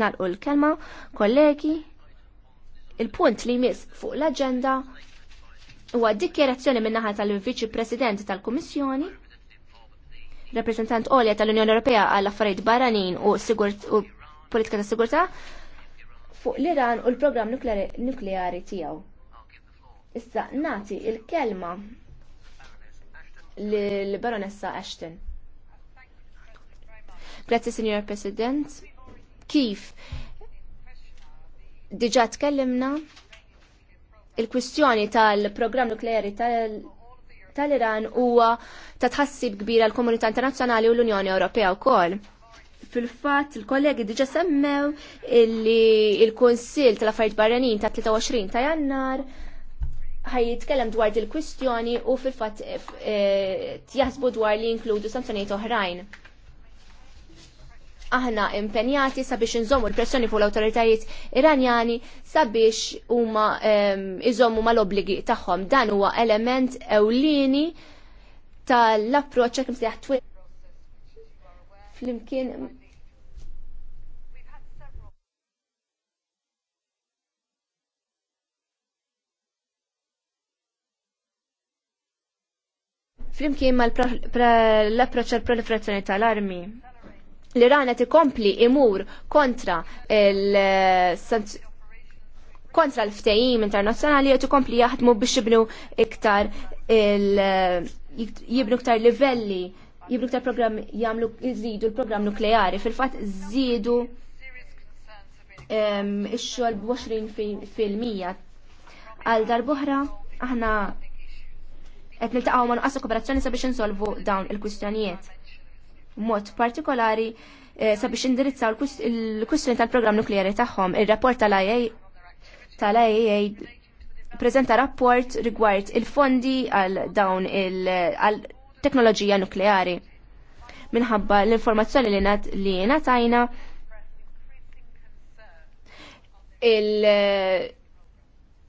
nalqu l-kelma, kollegi, il-punt li jmiss fuq l-agenda huwa dikjerazzjoni minnaħa tal-Viċi President tal-Kummissjoni, rappresentant Olja tal-Unjoni Ewropea għall affarijiet barranin u, u politika ta' sigurtà fuq l-Iran u l-programm nukleari tiegħu. Issa nati il-kelma l-Baronessa Ashton. Grazie, Signor President kif diġa tkellimna il-kwistjoni tal-programm nukleari tal-Iran huwa ta' tħassib kbira l-komunità internazzjonali u l-Unjoni Ewropea wkoll. Fil-fatt il-kollegi diġa semmew illi il-Kunsill tal-Affarijiet Barranin ta' 23 ta' Jannar ħaj jitkellem dwar il-kwistjoni u fil-fatt eh, jaħsbu dwar li jinkludu sanzjonijiet oħrajn aħna impenjati sabiex nżommu l-pressjoni fuq l-autoritajiet iranjani sabiex huma iżommu mal-obligi tagħhom. Dan huwa element ewlieni tal-approċċ kemm se twil. Flimkien Flimkien mal l-approċċ għal proliferazzjoni tal-armi li rana tikompli imur kontra il- eh, kontra l ftehim internazzjonali jgħet ikompli jaħdmu biex jibnu iktar eh, jibnu iktar livelli jibnu iktar program jagħmlu jżidu l-programm nukleari fil-fatt żidu ix-xogħol b'20 fil-mija għal darbohra aħna qed niltaqgħu ma' nuqqas kooperazzjoni sabiex insolvu dawn il-kwistjonijiet mod partikolari eh, sabiex indirizzaw l-kwistjoni tal-programm nukleari tagħhom. Ir-rapport tal-IA tal-IA preżenta rapport rigward il-fondi għal dawn il-teknoloġija nukleari. Minħabba l-informazzjoni li natajna il-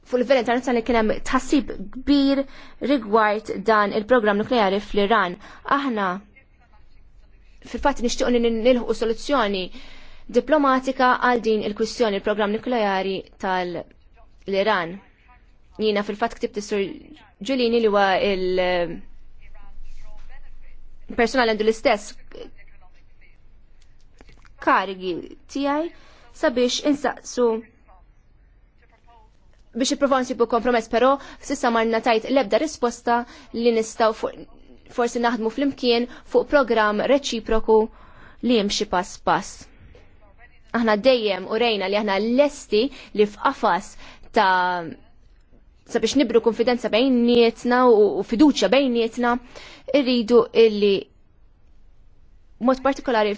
fuq livell internazzjonali kien hemm tħassib kbir rigward dan il-programm nukleari fl-Iran. Aħna fil-fatt nishtiq li nilħu soluzzjoni diplomatika għal din il-kwistjoni il-programm nukleari tal-Iran. Jiena fil-fatt ktibt sur Ġulini li huwa il- personal għandu l-istess karigi tiegħi sabiex insaqsu biex ipprovon bu kompromess, pero sissa marna tajt lebda risposta li nistaw fuq forsi naħdmu flimkien fuq programm reċiproku li jimxi pass pass. Aħna dejjem u rejna li aħna lesti li f'qafas ta' sabiex nibru konfidenza bejn nietna u fiduċa bejn nietna irridu illi mod partikolari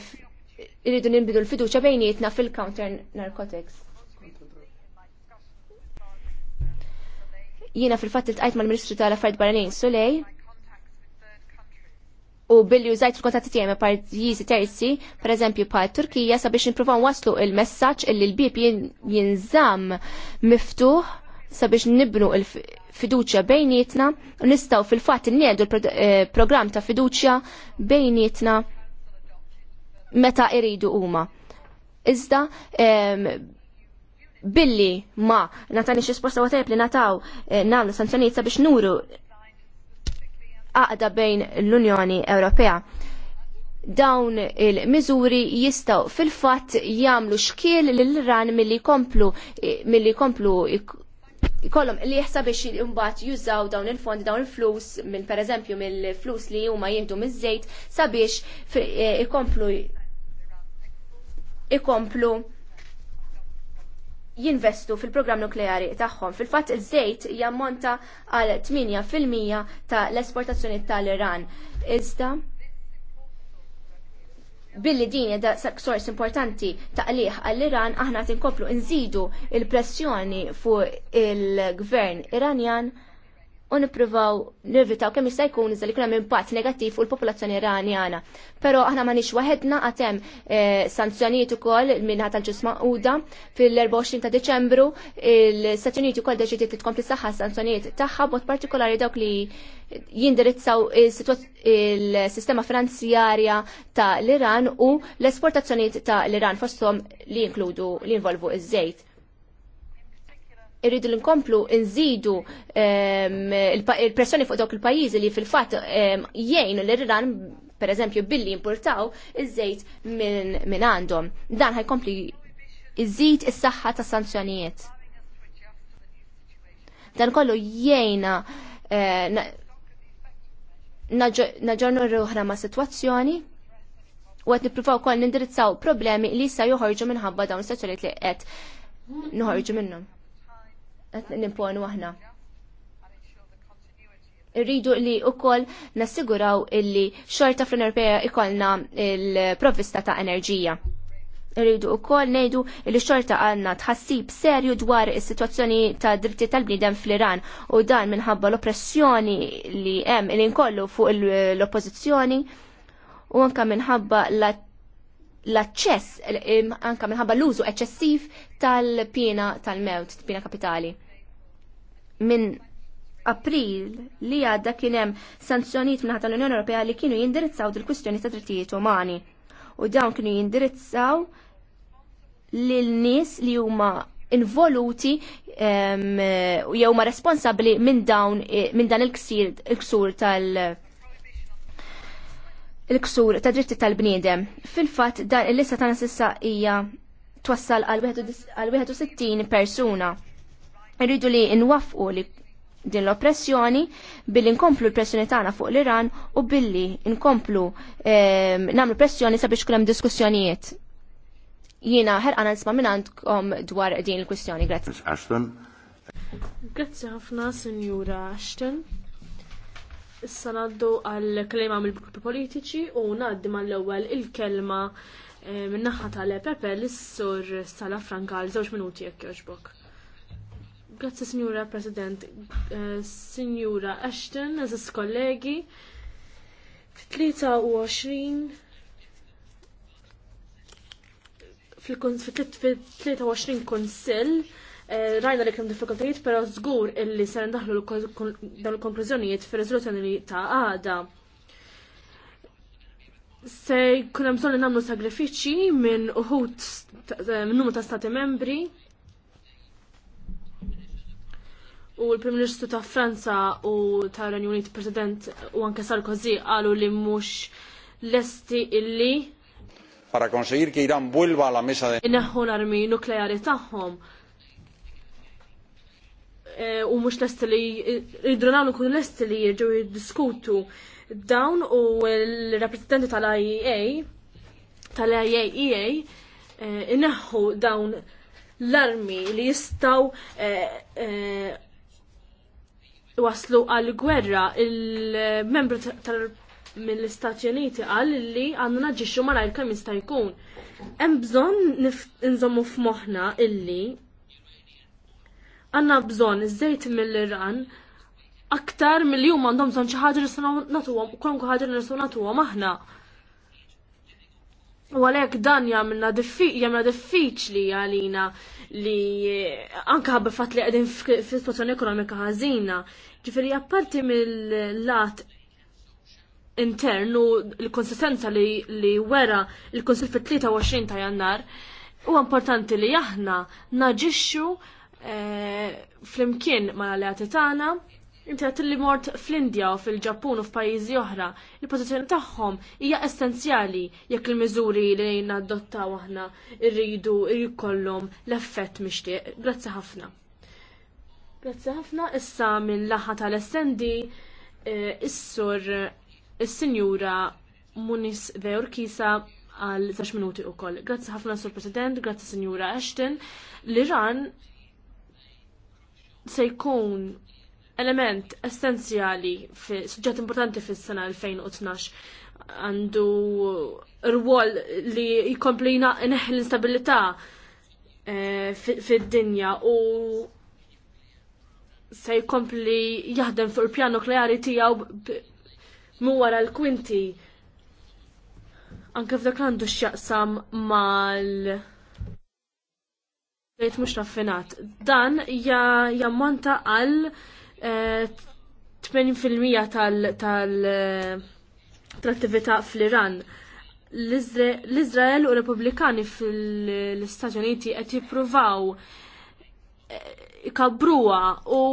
irridu nibdu l-fiduċa bejn nietna fil-counter narcotics. Jiena fil-fatt il-tqajt mal-Ministru tal-Affarijiet Barranin Sulej u billi użajt il-kontatti tiegħi ma' pajjiżi terzi, pereżempju pa' Turkija sabiex nippruvaw waslu il-messaġġ illi l bib jinżamm miftuħ sabiex nibnu il-fiduċja bejnietna u nistgħu fil-fatt inniedu l-programm eh, ta' fiduċja bejnietna meta iridu huma. Iżda billi ma natani xi għatajb li nataw eh, nagħmlu sanzjonijiet sabiex nuru għaqda bejn l-Unjoni Ewropea. Dawn il-miżuri jistaw fil-fatt jagħmlu xkiel lill-Iran milli komplu milli komplu kollom li jħsab biex jumbat jużaw dawn il fond dawn il-flus, minn per eżempju mill-flus li huma jihdu miż-żejt sabiex eh, ikomplu ikomplu jinvestu fil-programm nukleari tagħhom. Fil-fatt iż-żejt jammonta għal 8% ta' l-esportazzjoni tal-Iran. Iżda billi din da sors importanti ta' taqliħ għall-Iran aħna tinkoplu nżidu il-pressjoni fuq il-gvern Iranjan u nippruvaw nirvitaw kemm jista' jkun iżda li kuna impatt negattiv fuq il-popolazzjoni iranjana. Però aħna nix waħedna għatem hemm eh, sanzjonijiet ukoll minħat tal-ġus uda fil-24 ta' Deċembru il-Stati Uniti koll deċidiet li tkompli saħħa sanzjonijiet tagħha b'mod partikolari dawk li jindirizzaw il-sistema finanzjarja ta' l-Iran u l-esportazzjonijiet ta' l-Iran fosthom li jinkludu li jinvolvu iż-żejt irridu l-inkomplu nżidu ehm, il-pressjoni fuq dawk il-pajjiżi li fil-fatt ehm, jgħinu l-Iran per eżempju billi importaw iż-żejt minn għandhom. Dan ħajkompli iżid is-saħħa ta' sanzjonijiet. Dan kollu jgħina eh, naġġornu ruħra ma' situazzjoni u għet niprufaw kol nindirizzaw problemi li sa joħorġu minħabba dawn s sazzjonijiet li qed nħorġu minnhom n-imponu aħna. Irridu li wkoll nassiguraw illi xorta fl Ewropea ikollna il-provvista ta' enerġija. Irridu wkoll ngħidu li xorta għandna tħassib serju dwar is-sitwazzjoni ta' dritti tal-bniedem fl-Iran u dan minħabba l-oppressjoni li hemm il-inkollu fuq l-oppożizzjoni u anke minħabba l-att l-aċċess anka minħabba l-użu eċċessiv tal-pina tal-mewt, pina kapitali. Min April li għadda kien hemm sanzjonijiet minħat tal-Unjoni Ewropea li kienu jindirizzaw dil kwistjoni ta' drittijiet umani. U dawn kienu jindirizzaw lil nies li huma involuti jew ma responsabbli minn dawn eh, minn dan il-ksur tal- il-ksur ta' dritti tal-bniedem. Fil-fatt dan il-lista tagħna nasissa ija twassal għal 61 persuna. Irridu li nwaffqu li din l-oppressjoni billi nkomplu l-pressjoni tagħna fuq l-Iran u billi nkomplu eh, nagħmlu pressjoni sabiex kulem diskussjonijiet. Jiena ħerqana nisma' minn għandkom dwar din il-kwistjoni. Grazie. Ashton. Grazzi ħafna, Sinjura Ashton. Issa naddu għal kelma mill-gruppi politiċi u naddi mal ewwel il-kelma eh, minnaħħa tal pepe l-sur Sala Franka għal żewġ minuti jekk jogħġbok. Grazzi Signora President, eh, Signora Ashton, eżis kollegi, fit-23 fil-23 konsil Eh, rajna li kien diffikultajiet, però żgur illi se ndaħlu dawn il-konklużjonijiet fir li ta' għada. Se jkun hemm bżonn li nagħmlu sagrifiċi minn uħut eh, minn numru ta' stati membri u l-Prim Ministru ta' Franza u ta' Renju Unit President u anke Sarkozy qalu li mhux lesti illi para conseguir ke Irán vuelva a la mesa de Inneħħu l-armi nukleari tagħhom Eh, u mux l-est li id-dronaw nkunu est li jirġu jiddiskutu dawn u l-rappresentanti tal-IEA tal-IAEA eh, inneħħu dawn l-armi li jistaw eh, waslu għal-gwerra il-membru tal mill-Istati Uniti qal li għandu naġġixxu malajr kemm jista' jkun. Hemm bżonn nżommu f'moħħna illi għanna bżon iż mill-Iran aktar mill-li għandhom bżonn xi ħaġa nistgħu nagħtuhom u kolonku ħaġa natu nagħtuhom aħna. U għalhekk dan jagħmilna jagħmilna diffiċli għalina li anke għabba fat li qegħdin situazzjoni ekonomika ħażina. Ġifieri apparti mill-lat internu l-konsistenza li, li wera l-Konsil fit-23 ta' Jannar, huwa importanti li aħna naġixxu Eh, flimkien ma l tagħna, inti għat li mort fl-Indja u fil-Ġappun u f'pajjiżi oħra, il-pożizzjoni tagħhom hija essenzjali jekk il-miżuri li jgħinna adottaw aħna irridu jkollhom l-effett mixtieq. Grazzi ħafna. Grazzi ħafna issa minn laħa tal-essendi eh, is-sur is-sinjura Munis Veurkisa għal 10 minuti u koll. Grazzi ħafna, Sur President, grazzi Sinjura Ashton. L-Iran se jkun element essenzjali fi suġġett importanti fis-sena 2012 għandu rwol li jkompli neħ l-instabilità eh, fid-dinja u se jkompli jaħdem fuq il-pjan nukleari tiegħu mu wara l-kwinti anke f'dak għandu x'jaqsam mal- rejt mux raffinat. Dan jammonta għal 80% eh, eh, tal-attività fl-Iran. L-Izrael u Republikani fl-Istati Uniti qed jippruvaw eh, ikabruha u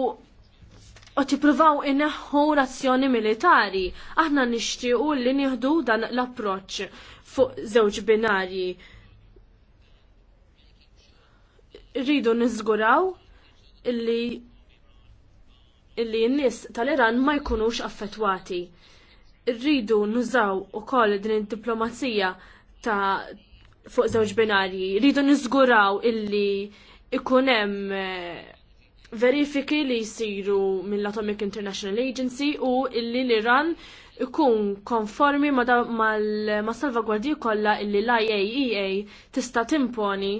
qed jippruvaw ineħħu razzjoni militari. Aħna nixtiequ li nieħdu dan l-approċċ fuq żewġ binarji rridu niżguraw illi illi n-nis tal-Iran ma jkunux affettwati. Rridu nużaw u koll din id-diplomazija ta' fuq żewġ binarji. Rridu niżguraw illi ikunem eh, verifiki li jisiru mill-Atomic International Agency u illi l-Iran ikun konformi ma' salvagwardji kollha illi l-IAEA e tista' timponi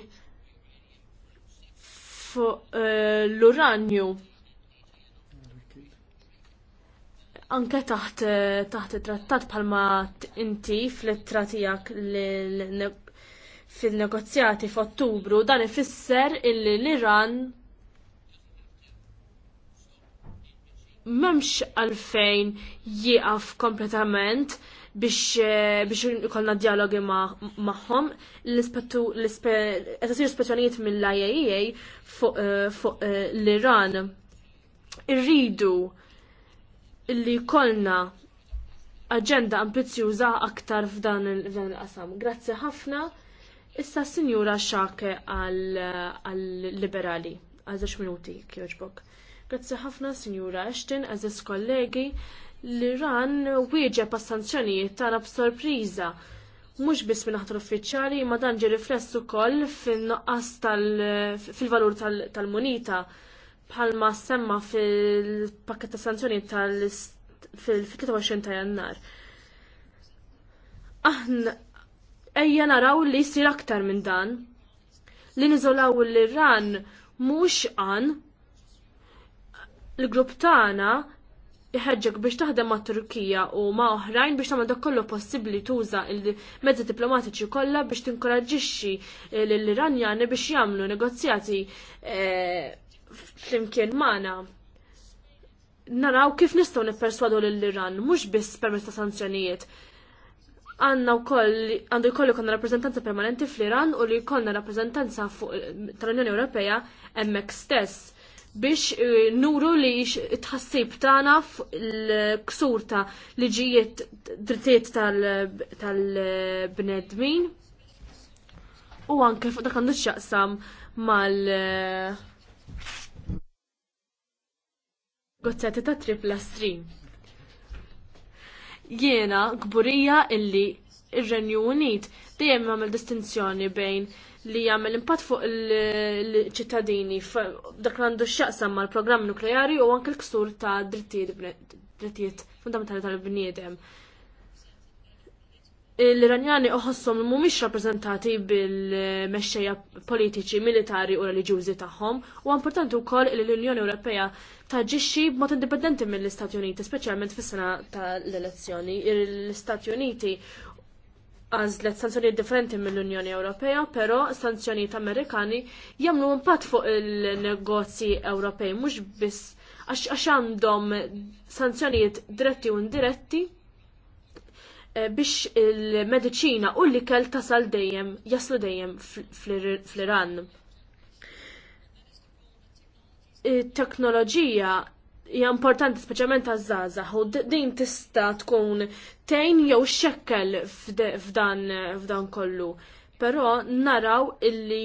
fuq eh, l-uranju. Anke taħt eh, taħt trattat bħalma inti fl-ittra tiegħek fil-negozjati f'Ottubru dan ifisser illi l-Iran m'hemmx għalfejn jieqaf kompletament Eh, biex ikollna dialogi magħhom. Qed isir spezzjonijiet mill-IAEA e fuq eh, eh, l-Iran. Irridu li jkollna aġenda ambizjuża aktar f'dan il-qasam. Grazzi ħafna. Issa s-Sinjura Xake għal-liberali. Għazax minuti, kjoġbok. Grazzi ħafna, Sinjura Ashton, għazis kollegi l-Iran wieġeb għas-sanzjonijiet tara b'sorpriża. Mhux biss minn l uffiċjali, ma dan ġie riflessu wkoll fin-noqqas fil-valur tal-munita bħalma semma fil-pakket ta' sanzjonijiet tal fil-23 ta' jannar. Aħna ejja naraw li jsir aktar minn dan. Li niżolaw l-Iran mhux għan l-grupp tagħna iħeġġek biex taħdem ma' Turkija u ma' oħrajn biex tagħmel dak kollu possibbli tuża il-mezzi diplomatiċi kollha biex tinkoraġġixxi lill-Iranjani biex jagħmlu negozjati eh, flimkien magħna. Naraw kif nistgħu nipperswadu lill-Iran mhux biss permezz ta' sanzjonijiet. Għanna u koll, għandu jkollu konna rappresentanza permanenti fl-Iran u li jkollna rappresentanza eh, tal-Unjoni Ewropea emmek stess biex e, nuru li tħassib tagħna l-ksur ta' liġijiet drittijiet tal-bnedmin u anke fuq dak għandu x'jaqsam mal e, gozzetti ta' tripla stream. Jiena gburija illi ir-Renju Unit dejjem għamil distinzjoni bejn li jagħmel impatt fuq il-ċittadini dak għandu x'jaqsam mal-programm nukleari u anke l-ksur ta' drittijiet fundamentali tal-bniedem. L-Iranjani uħossom mhumiex rappreżentati bil-mexxejja politiċi, militari u reliġjużi tagħhom u importanti wkoll li l-Unjoni Ewropea taġixxi b'mod indipendenti mill-Istati Uniti, speċjalment fis-sena tal-elezzjoni. L-Istati Uniti għażlet sanzjonijiet differenti mill-Unjoni Ewropea, però sanzjonijiet Amerikani jagħmlu impatt fuq il-negozji Ewropej mhux biss għax għandhom sanzjonijiet diretti u indiretti eh, biex il-medicina u l-ikel tasal dejjem, jaslu dejjem fl-Iran. Eh, teknoloġija hija importanti speċjalment għaż-żgħażagħ u din tista' tkun tgħin jew xekkel f'dan kollu. Però naraw illi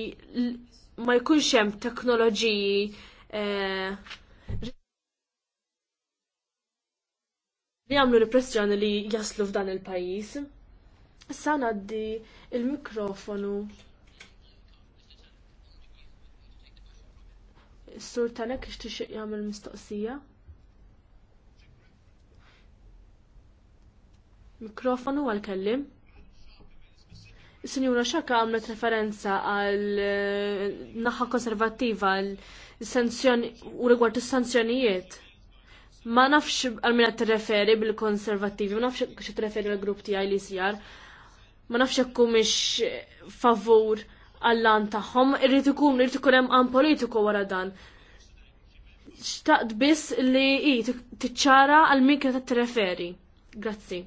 ma jkunx hemm teknoloġiji li eh, jagħmlu impressjoni li jaslu f'dan il-pajjiż. Issa ngħaddi il-mikrofonu Is-sur talek ixtieq jagħmel mistoqsija. Mikrofonu għal-kellim. Sinjura Xaka għamlet referenza għal eh, naħa konservativa u rigward is-sanzjonijiet. Ma nafx għal minna t-referi bil-konservativi, ma nafx xe t-referi għal-grupp tijaj li sijar, ma nafx jekku miex favur għall-lan tagħhom, irrid ikun irid ikun hemm għan politiku wara dan. Xtaqt biss li i tiċċara għal min t tirreferi. Grazzi.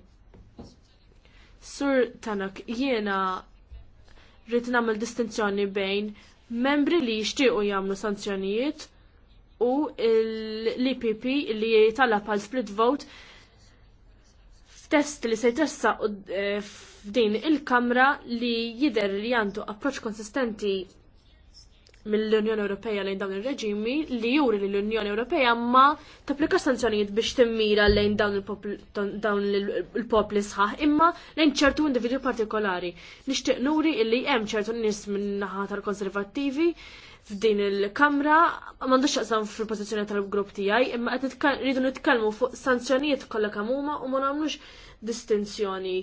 Sur Tanak, jiena rrid nagħmel distinzjoni bejn membri li jixtiequ jagħmlu sanzjonijiet u l-IPP li jitalab għal split vote f'test li se jtressa eh, f'din il-Kamra li jider li għandu approċ konsistenti mill-Unjoni Ewropea lejn dawn ir-reġimi li juri li l-Unjoni Ewropea ma tapplika sanzjonijiet biex timmira lejn dawn il-popli sħaħ imma lejn ċertu individwi partikolari. Nixtieq nuri li hemm ċertu nies min-naħa tal-konservattivi f'din il-kamra m'għandux xaqsam fil-pożizzjoni tal-grupp tiegħi imma qed rridu nitkellmu fuq sanzjonijiet kollha kemm huma u ma nagħmlux distinzjoni.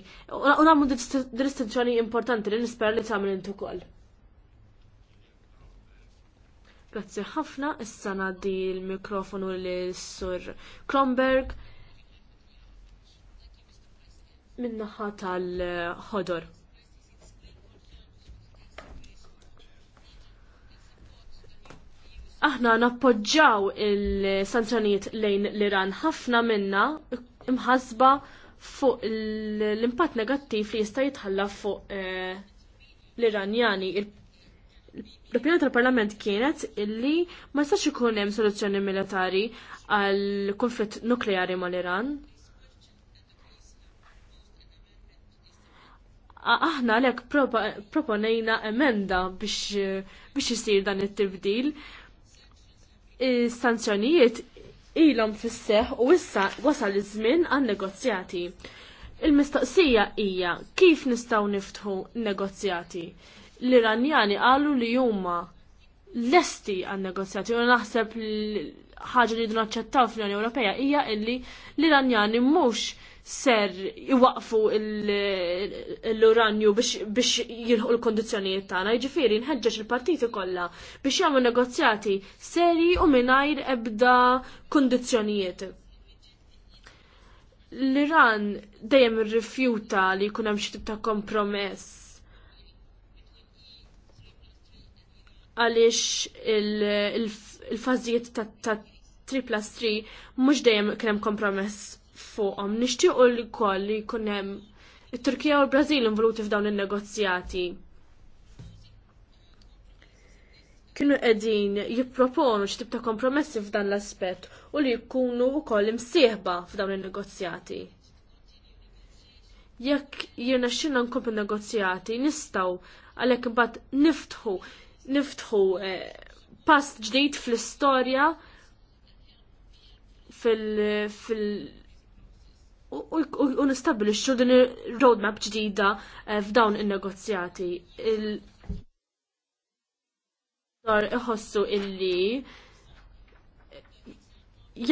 U nagħmlu distinzjoni importanti li nispera li tagħmel intu ukoll. Grazzi ħafna, issa ngħaddi l-mikrofonu li sur Kronberg min-naħa tal-ħodor. aħna nappoġġaw il-sanzjonijiet lejn l-Iran ħafna minna imħasba fuq l-impatt negattiv li jista' jitħalla fuq eh, l-Iranjani. L-opinjoni tal-Parlament kienet illi ma jistax ikun hemm soluzzjoni militari għal konflitt nukleari mal-Iran. Aħna l proponejna emenda biex isir dan it-tibdil. is Sanzjonijiet ilhom fisseħ u issa wasal iż-żmien għan negozjati. Il-mistaqsija hija kif nistgħu niftħu negozjati. L-Iranjani qalu li huma lesti għan negozjati u naħseb ħaġa li naċċettaw fl-Unjoni Ewropea hija illi l-Iranjani mhux ser iwaqfu l-uranju biex jilħu l-kondizjonijiet tagħna. Jiġifieri nħeġġeġ il-partiti kollha biex jagħmlu negozjati seri u mingħajr ebda kundizzjonijiet. L-Iran dejjem irrifjuta li jkun hemm xi ta' kompromess għaliex il-fażijiet ta' tripla 3 mhux dejjem kien hemm kompromess fuqhom. Nixtiequ li wkoll li jkun hemm it-Turkija u l-Brażil involuti f'dawn in-negozjati. Kienu qegħdin jipproponu x'tib ta' kompromessi f'dan l-aspett u li jkunu wkoll imsieħba f'dawn in-negozjati. Jekk jirna xinna il negozjati, nistgħu għalhekk imbagħad niftħu niftħu eh, pass ġdid fl-istorja fil-, fil u nistabilixxu din ir-roadmap ġdida eh, f'dawn in-negozjati. il iħossu illi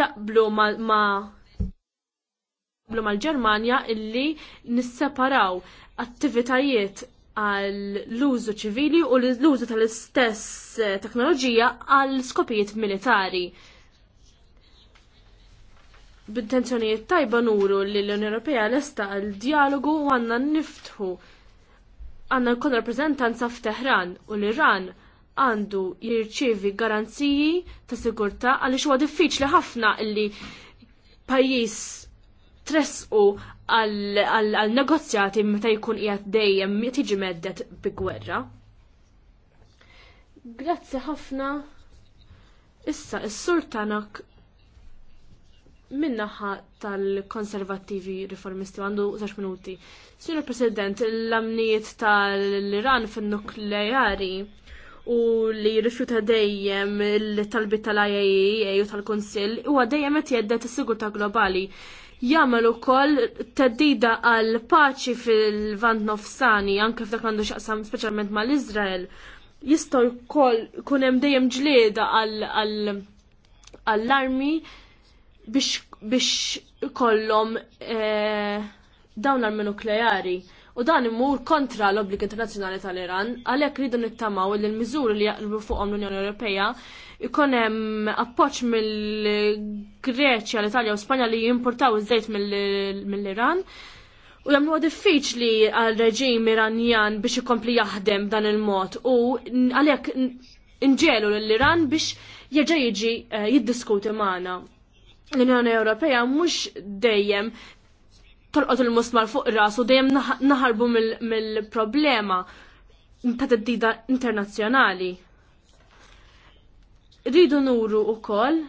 jaqblu ma mal-Ġermanja illi nisseparaw attivitajiet għal l-użu ċivili u l-użu tal-istess eh, teknoloġija għal skopijiet militari b'intenzjonijiet tajba nuru li l-Unjoni Ewropea lesta għal dialogu u għandna niftħu għandna jkun rappreżentanza f'Teħran u l-Iran għandu jirċievi garanziji ta' sigurtà għaliex huwa diffiċli ħafna illi pajjiż tresqu għal negozjati meta jkun qiegħed dejjem tiġi meddet bi gwerra. Grazzi ħafna. Issa, is-sur tanak minnaħa tal-konservativi riformisti għandu 10 minuti. Signor President, l-amnijiet tal-Iran fin-nukleari u li rifjuta dejjem l talbit tal-IAEA e u tal-Konsil huwa dejjem qed jeddet is-sigurtà globali. Jagħmel ukoll teddida għal paċi fil-Vant Nofsani anke f'dak għandu x'aqsam speċjalment mal-Iżrael. Jistgħu jkoll kun hemm dejjem ġlieda għal armi għal biex kollom eh, dawn l-armi nukleari. U dan imur kontra l-obbligi internazzjonali tal-Iran, għalhekk ridu nittamaw li l-miżuri li jaqlbu fuqhom l-Unjoni Ewropea ikun hemm appoġġ mill-Greċja, l-Italja u Spanja li jimportaw iż-żejt mill-Iran. U għad diffiċli għal reġim iranjan biex ikompli jaħdem dan il-mod u għalhekk inġelu l-Iran biex jerġa' jiġi eh, jiddiskuti magħna l-Unjoni Ewropea mhux dejjem tolqot il-musmar fuq rasu dejjem naħarbu mill-problema ta' teddida internazzjonali. Ridu nuru wkoll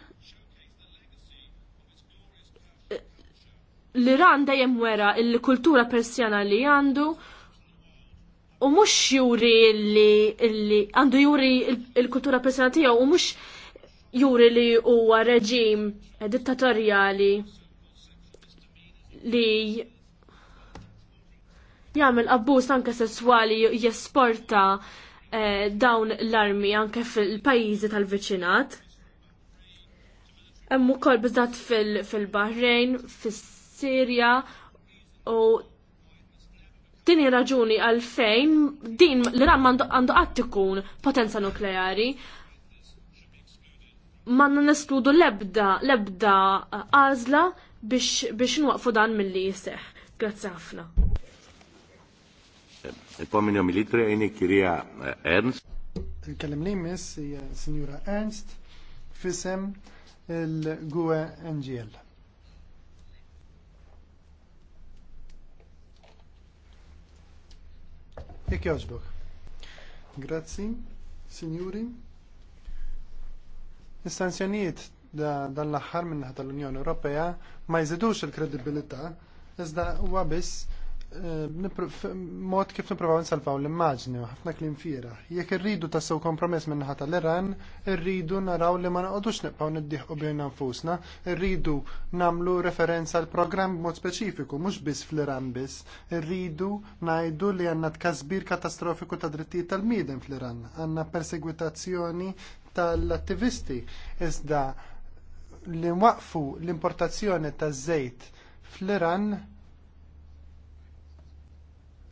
l-Iran dejjem wera il-kultura persjana li għandu u mhux juri li għandu juri il-kultura persjana tiegħu u mhux juri li huwa reġim dittatorjali li jagħmel abbuż anke sesswali jesporta eh, dawn l-armi anke fil-pajjiżi tal-viċinat. Hemm ukoll biżgħat fil-Bahrejn, fil fis-Sirja u tini raġuni għalfejn din l-Iran għandu għattikun potenza nukleari manna nestudu lebda lebda eh, għazla biex biex nwaqfu dan mill-li jiseħ. Grazie ħafna. Il-pomini omilitre jini kirija eh, Ernst. Il-kellem li miss signora Ernst fisem il-GUE NGL. Ik joġbok. Grazie, signori. Is-sanzjonijiet dan l-aħħar minnaħa tal-Unjoni Ewropea ma jżidux il-kredibilità, iżda huwa biss eh, mod kif nippruvaw nsalvaw l-immaġni u ħafna klim fira. Jekk irridu tassew kompromess minnaħa tal-Iran, irridu naraw li ma naqgħodux nibqgħu niddieħqu bejn nfusna, irridu namlu referenza l programm mod speċifiku mhux biss fl-Iran biss, irridu ngħidu li għandna tkasbir katastrofiku ta' drittijiet tal-miedem fl-Iran, għandna persegwitazzjoni tal-attivisti iżda li waqfu l-importazzjoni taż żejt fl-Iran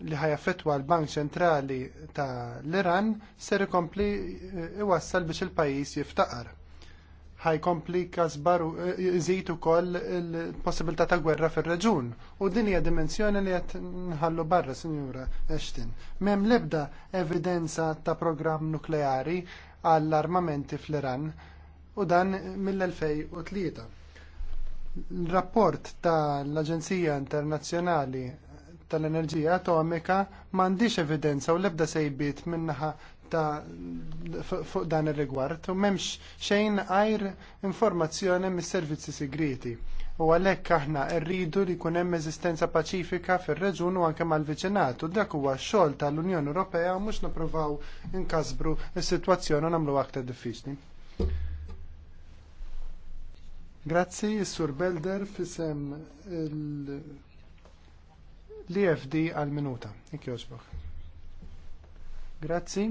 li ħajafetwa l-Bank Ċentrali tal iran ser ikompli eh, iwassal biex il-pajjiż jiftaqar. Ħajkompli kasbar eh, iżid ukoll il-possibilità ta' gwerra fir-reġun u din hija dimensjoni li qed nħallu barra, Sinjura Eshtin. M'hemm l-ebda evidenza ta' programm nukleari għall-armamenti fl-Iran u dan mill-2003. ir rapport tal-Aġenzija Internazzjonali tal-Enerġija Atomika m'għandix evidenza u l-ebda sejbiet minnaħa ta' fuq dan ir-rigward u m'hemmx xejn għajr informazzjoni mis-servizzi segreti u għalhekk aħna rridu li jkun hemm eżistenza paċifika fir-reġun u anke mal-viċinat u dak huwa xogħol tal-Unjoni Ewropea mhux nippruvaw inkasbru s-sitwazzjoni u nagħmlu aktar diffiċli. Grazzi, Sur Belder fisem l-EFD għal-minuta. Ikjożbok. Grazzi,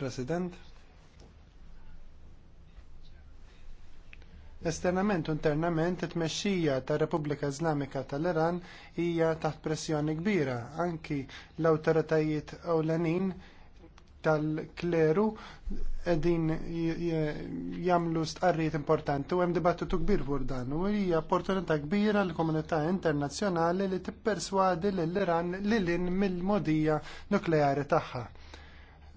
President. Esternament u internament it-tmexxija tar Repubblika Iżlamika tal-Iran hija taħt pressjoni kbira. Anki l-awtoritajiet ewlenin tal-kleru qegħdin jagħmlu stqarrijiet importanti u hemm dibattitu kbir fuq dan u hija opportunità kbira l komunità internazzjonali li tipperswadi lill-Iran lilin mill-modija nukleari tagħha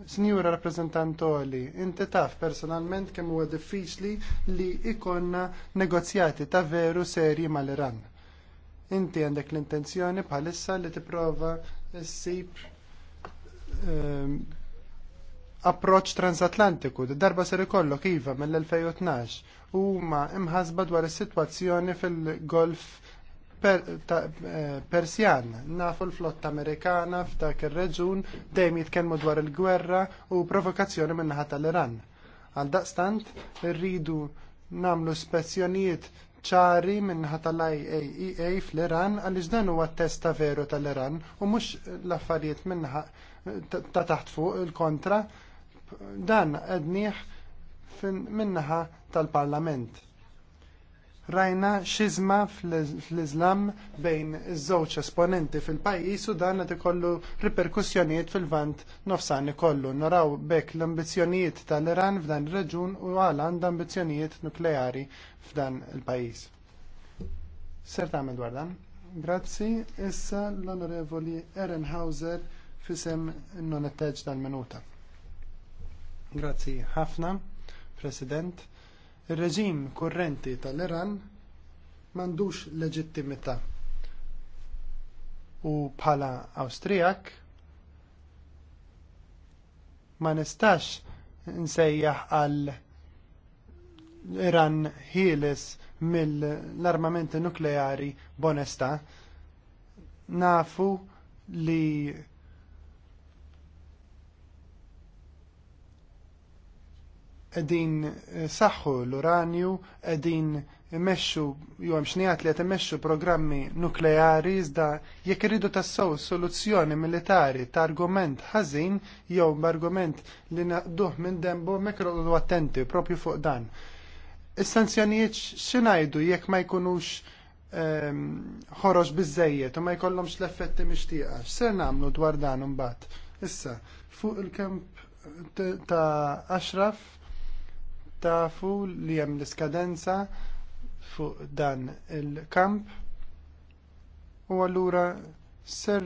Sinjura rappresentantoli, inti taf personalment kemm huwa diffiċli li ikonna negozjati ta' veru serji mal-Iran. Inti għandek l-intenzjoni bħalissa li tipprova ssib ehm, Approċċ approċ transatlantiku darba ser ikollok iva mill-2012 huma imħasba dwar is-sitwazzjoni fil-Golf Eh, Persjan, nafu l-flotta Amerikana f'dak ir-reġun dejjem jitkellmu dwar il-gwerra u provokazzjoni minn naħa tal-Iran. Għal daqstant irridu namlu spezzjonijiet ċari minnaħa tal-IAEA e fl-Iran għaliex dan huwa testa veru tal-Iran u mhux l-affarijiet minnaħa ta' taħt fuq il-kontra dan għedniħ minnaħa tal-Parlament rajna xizma fl-Islam bejn iż-żewġ esponenti fil-pajjiż u dan qed ikollu riperkussjonijiet fil-vant nofsani kollu. Naraw bekk l-ambizzjonijiet tal-Iran f'dan ir-reġun u għal għandha ambizzjonijiet nukleari f'dan il-pajjiż. Ser tagħmel dwar dan. Grazzi. Issa l-Onorevoli Ehrenhauser fisem non etteġ tal-minuta. Grazzi ħafna, President Ir-reġim kurrenti tal-Iran m'għandux leġittimità. U bħala Awstrijak ma nistax nsejjaħ għal Iran ħieles mill-armamenti nukleari bonesta nafu li qegħdin eh, saħħu l-uranju, qegħdin imexxu jew hemm xnijat li qed imexxu programmi nukleari iżda jekk iridu tassew soluzzjoni militari ta' argument ħażin jew b'argument li naqduh minn dembu mekru attenti propju fuq dan. Is-sanzjonijiet x'ingħidu jekk ma jkunux ehm, ħoroġ bizzejiet u ma jkollhomx l-effetti mixtieqa. X'ser nagħmlu dwar dan imbagħad? Issa, fuq il-kemp ta' Ashraf tafu li hemm l-iskadenza fuq dan il-kamp u allura ser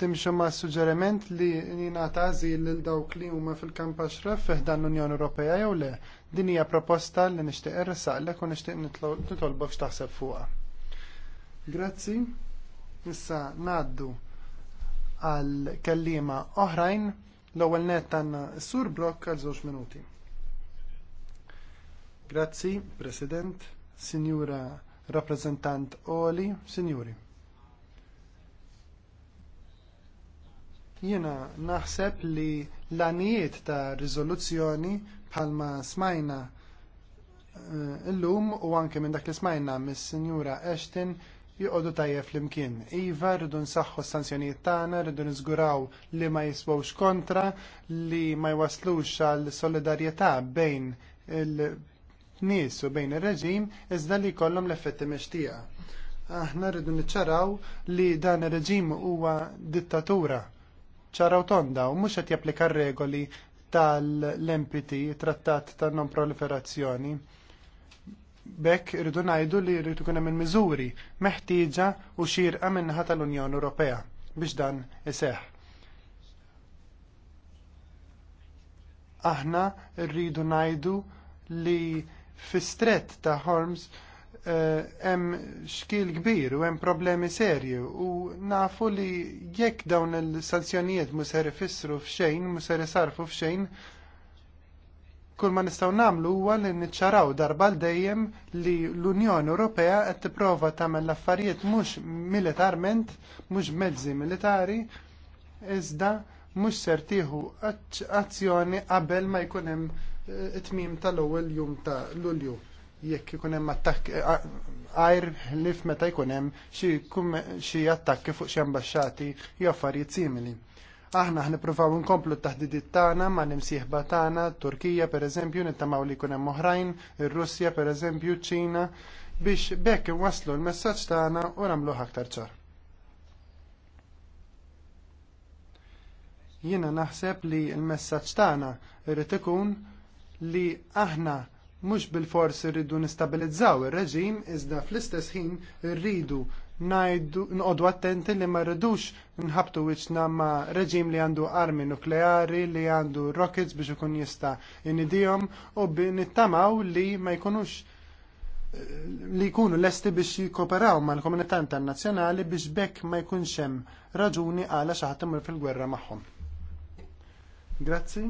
timxu ma' suġġeriment li jina tażi l dawk li huma fil-kamp għaxraf fiħdan l-Unjoni Ewropea jew le. Din hija proposta li nixtieq irresaqlek u nixtieq nitolbok x'taħseb fuqha. Grazzi. Issa ngħaddu għal kelliema oħrajn l-ewwel net għandna s-sur Brok għal żewġ minuti. Grazzi, President, Signora Rappresentant Oli, Signori. Jiena naħseb li l-anijiet ta' riżoluzzjoni bħalma smajna eh, llum u anke minn dak li smajna mis sinjura Ashton joqogħdu tajjeb flimkien. Iva, rridu nsaħħu s-sanzjonijiet tagħna, rridu niżguraw li ma jiswawx kontra, li ma jwaslux għal solidarjetà bejn il nies u bejn ir-reġim iżda li jkollhom l-effetti mixtieqa. Aħna rridu niċċaraw li dan ir-reġim huwa dittatura ċaraw tonda u mhux qed japplika r regoli tal-MPT, trattat tan non-proliferazzjoni. Bekk irridu ngħidu li rridu jkun hemm il-miżuri meħtieġa u xirqa min-naħa tal-Unjoni Ewropea biex dan iseħħ. Aħna rridu ngħidu li fi stret ta' Holmes eh, hemm uh, xkil kbir u hemm problemi serju u nafu li jekk dawn il-sanzjonijiet mhux ser ifissru f'xejn, mhux ser isarfu f'xejn, kull ma nistgħu nagħmlu huwa li niċċaraw darba l dejjem li l-Unjoni Ewropea qed tipprova tagħmel l-affarijiet mhux militarment, mhux mezzi militari, iżda mhux ser tieħu azzjoni qabel ma jkun hemm it-tmim tal-ewwel jum ta' Lulju jekk ikun hemm attakk eh, għajr ħlif meta jkun hemm xi attakki fuq xi ambaxxati jew affarijiet simili. Aħna ħnippruvaw nkomplu t-taħdidiet tagħna ma' nimsieħba tagħna, Turkija pereżempju nittamaw li jkun hemm oħrajn, ir-Russja pereżempju, ċina, biex bekk waslu l-messaġġ tagħna u nagħmluh aktar ċar. Jiena naħseb li l-messaġġ tagħna irid ikun li aħna mhux bil-forsi rridu nistabilizzaw ir-reġim iżda fl-istess ħin rridu najdu nqodu attenti li ma rridux nħabtu wiċċna ma' reġim li għandu armi nukleari, li għandu rockets biex ikun jista' inidihom u nittamaw li ma jkunux li jkunu lesti biex jikoperaw mal komunità internazzjonali biex bekk ma jkunx hemm raġuni għala xi ħadd fil-gwerra magħhom. Grazzi.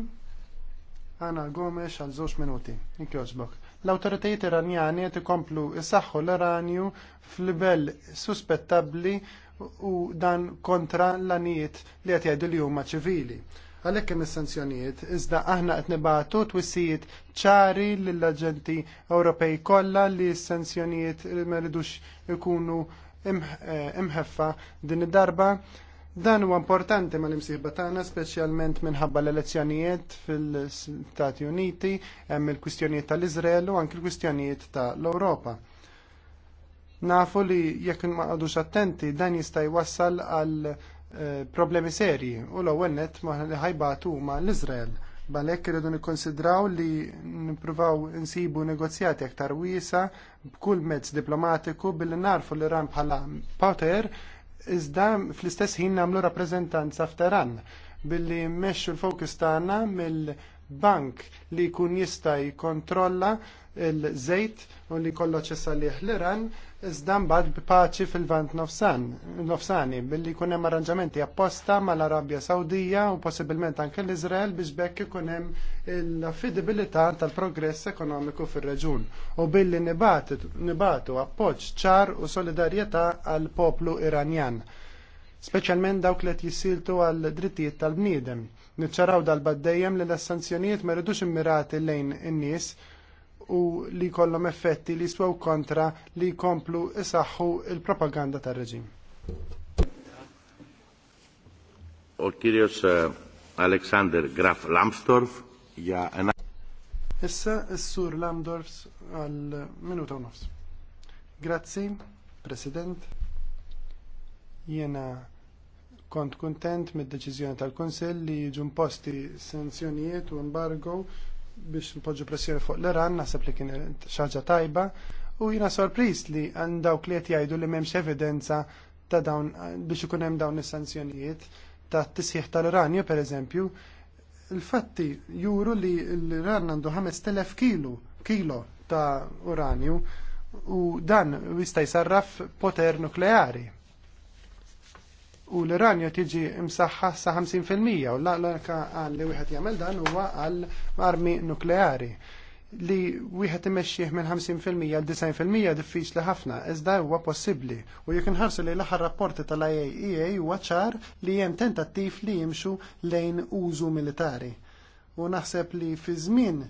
Anna Gomes għal żewġ minuti. Ikjoġbok. L-awtoritajiet iranjani qed ikomplu issaħħu l-Iranju f'libell suspettabbli u dan kontra l-anijiet li qed jgħidu li huma ċivili. Għalhekk hemm is-sanzjonijiet, iżda aħna qed nibatu twissijiet ċari lill-aġenti Ewropej kollha li s-sanzjonijiet ma rridux ikunu eh, imħeffa din id-darba Dan huwa importanti mal imsieħba tagħna speċjalment minħabba l-elezzjonijiet fil-Stati Uniti, hemm il-kwistjonijiet tal-Iżrael u anke l-kwistjonijiet tal-Ewropa. Nafu li jekk ma qadux attenti dan jista' jwassal għal eh, problemi serji u l-ewwel nett ma ħajbat huma l-Iżrael. Balek irridu nikkonsidraw li nippruvaw insibu negozjati aktar wiesa b'kull mezz diplomatiku billi narfu l ran bħala poter iżda fl-istess ħin nagħmlu rappreżentanza f'Teran billi mmexxu l-fokus tagħna mill- bank li jkun jista' jikkontrolla l-żejt u li kollu ċessa l-Iran iżda mbagħad b'paċi fil-vant nofsani billi jkun hemm arranġamenti apposta mal-Arabja Sawdija u possibilment anke l-Iżrael biex bekk ikun hemm l-affidibilità tal-progress ekonomiku fir-reġun u billi nibatu appoġġ ċar u solidarjetà għall poplu Iranjan speċjalment dawk li qed jisiltu għal drittijiet tal-bniedem Niċċaraw dal-baddejjem li l-sanzjonijiet ma rridux immirati lejn in-nies u li kollom effetti li jiswew kontra li jkomplu isaħħu l propaganda tar-reġim. U kirjus eh, Alexander Graf Lamstorf ja Issa s-sur Lamdorf għal minuta u nofs. Grazzi, President. Jena Kont kuntent mid-deċiżjoni tal-Kunsill li jiġu imposti sanzjonijiet u embargo biex npoġġu pressjoni fuq l-Iran, naħseb li kien xaġa tajba, u jina sorpris li għandaw kliet jgħidu li memx evidenza ta' dawn biex ikun hemm dawn is-sanzjonijiet ta' tisħiħ tal-Iran, per eżempju, il-fatti juru li l-Iran għandu 5000 kilo, kilo ta' uranju u dan jista' jsarraf poter nukleari u l iranja tiġi imsaħħa sa' 50% u l-laqlaka għal li wieħed jagħmel dan huwa għal armi nukleari li wieħed imexxih minn 50% għal 90% diffiċli ħafna, iżda huwa possibbli. U jekk inħarsu li l-aħħar rapporti tal-IAEA e huwa ċar li hemm tentattiv li jimxu lejn użu militari. U naħseb li fi żmien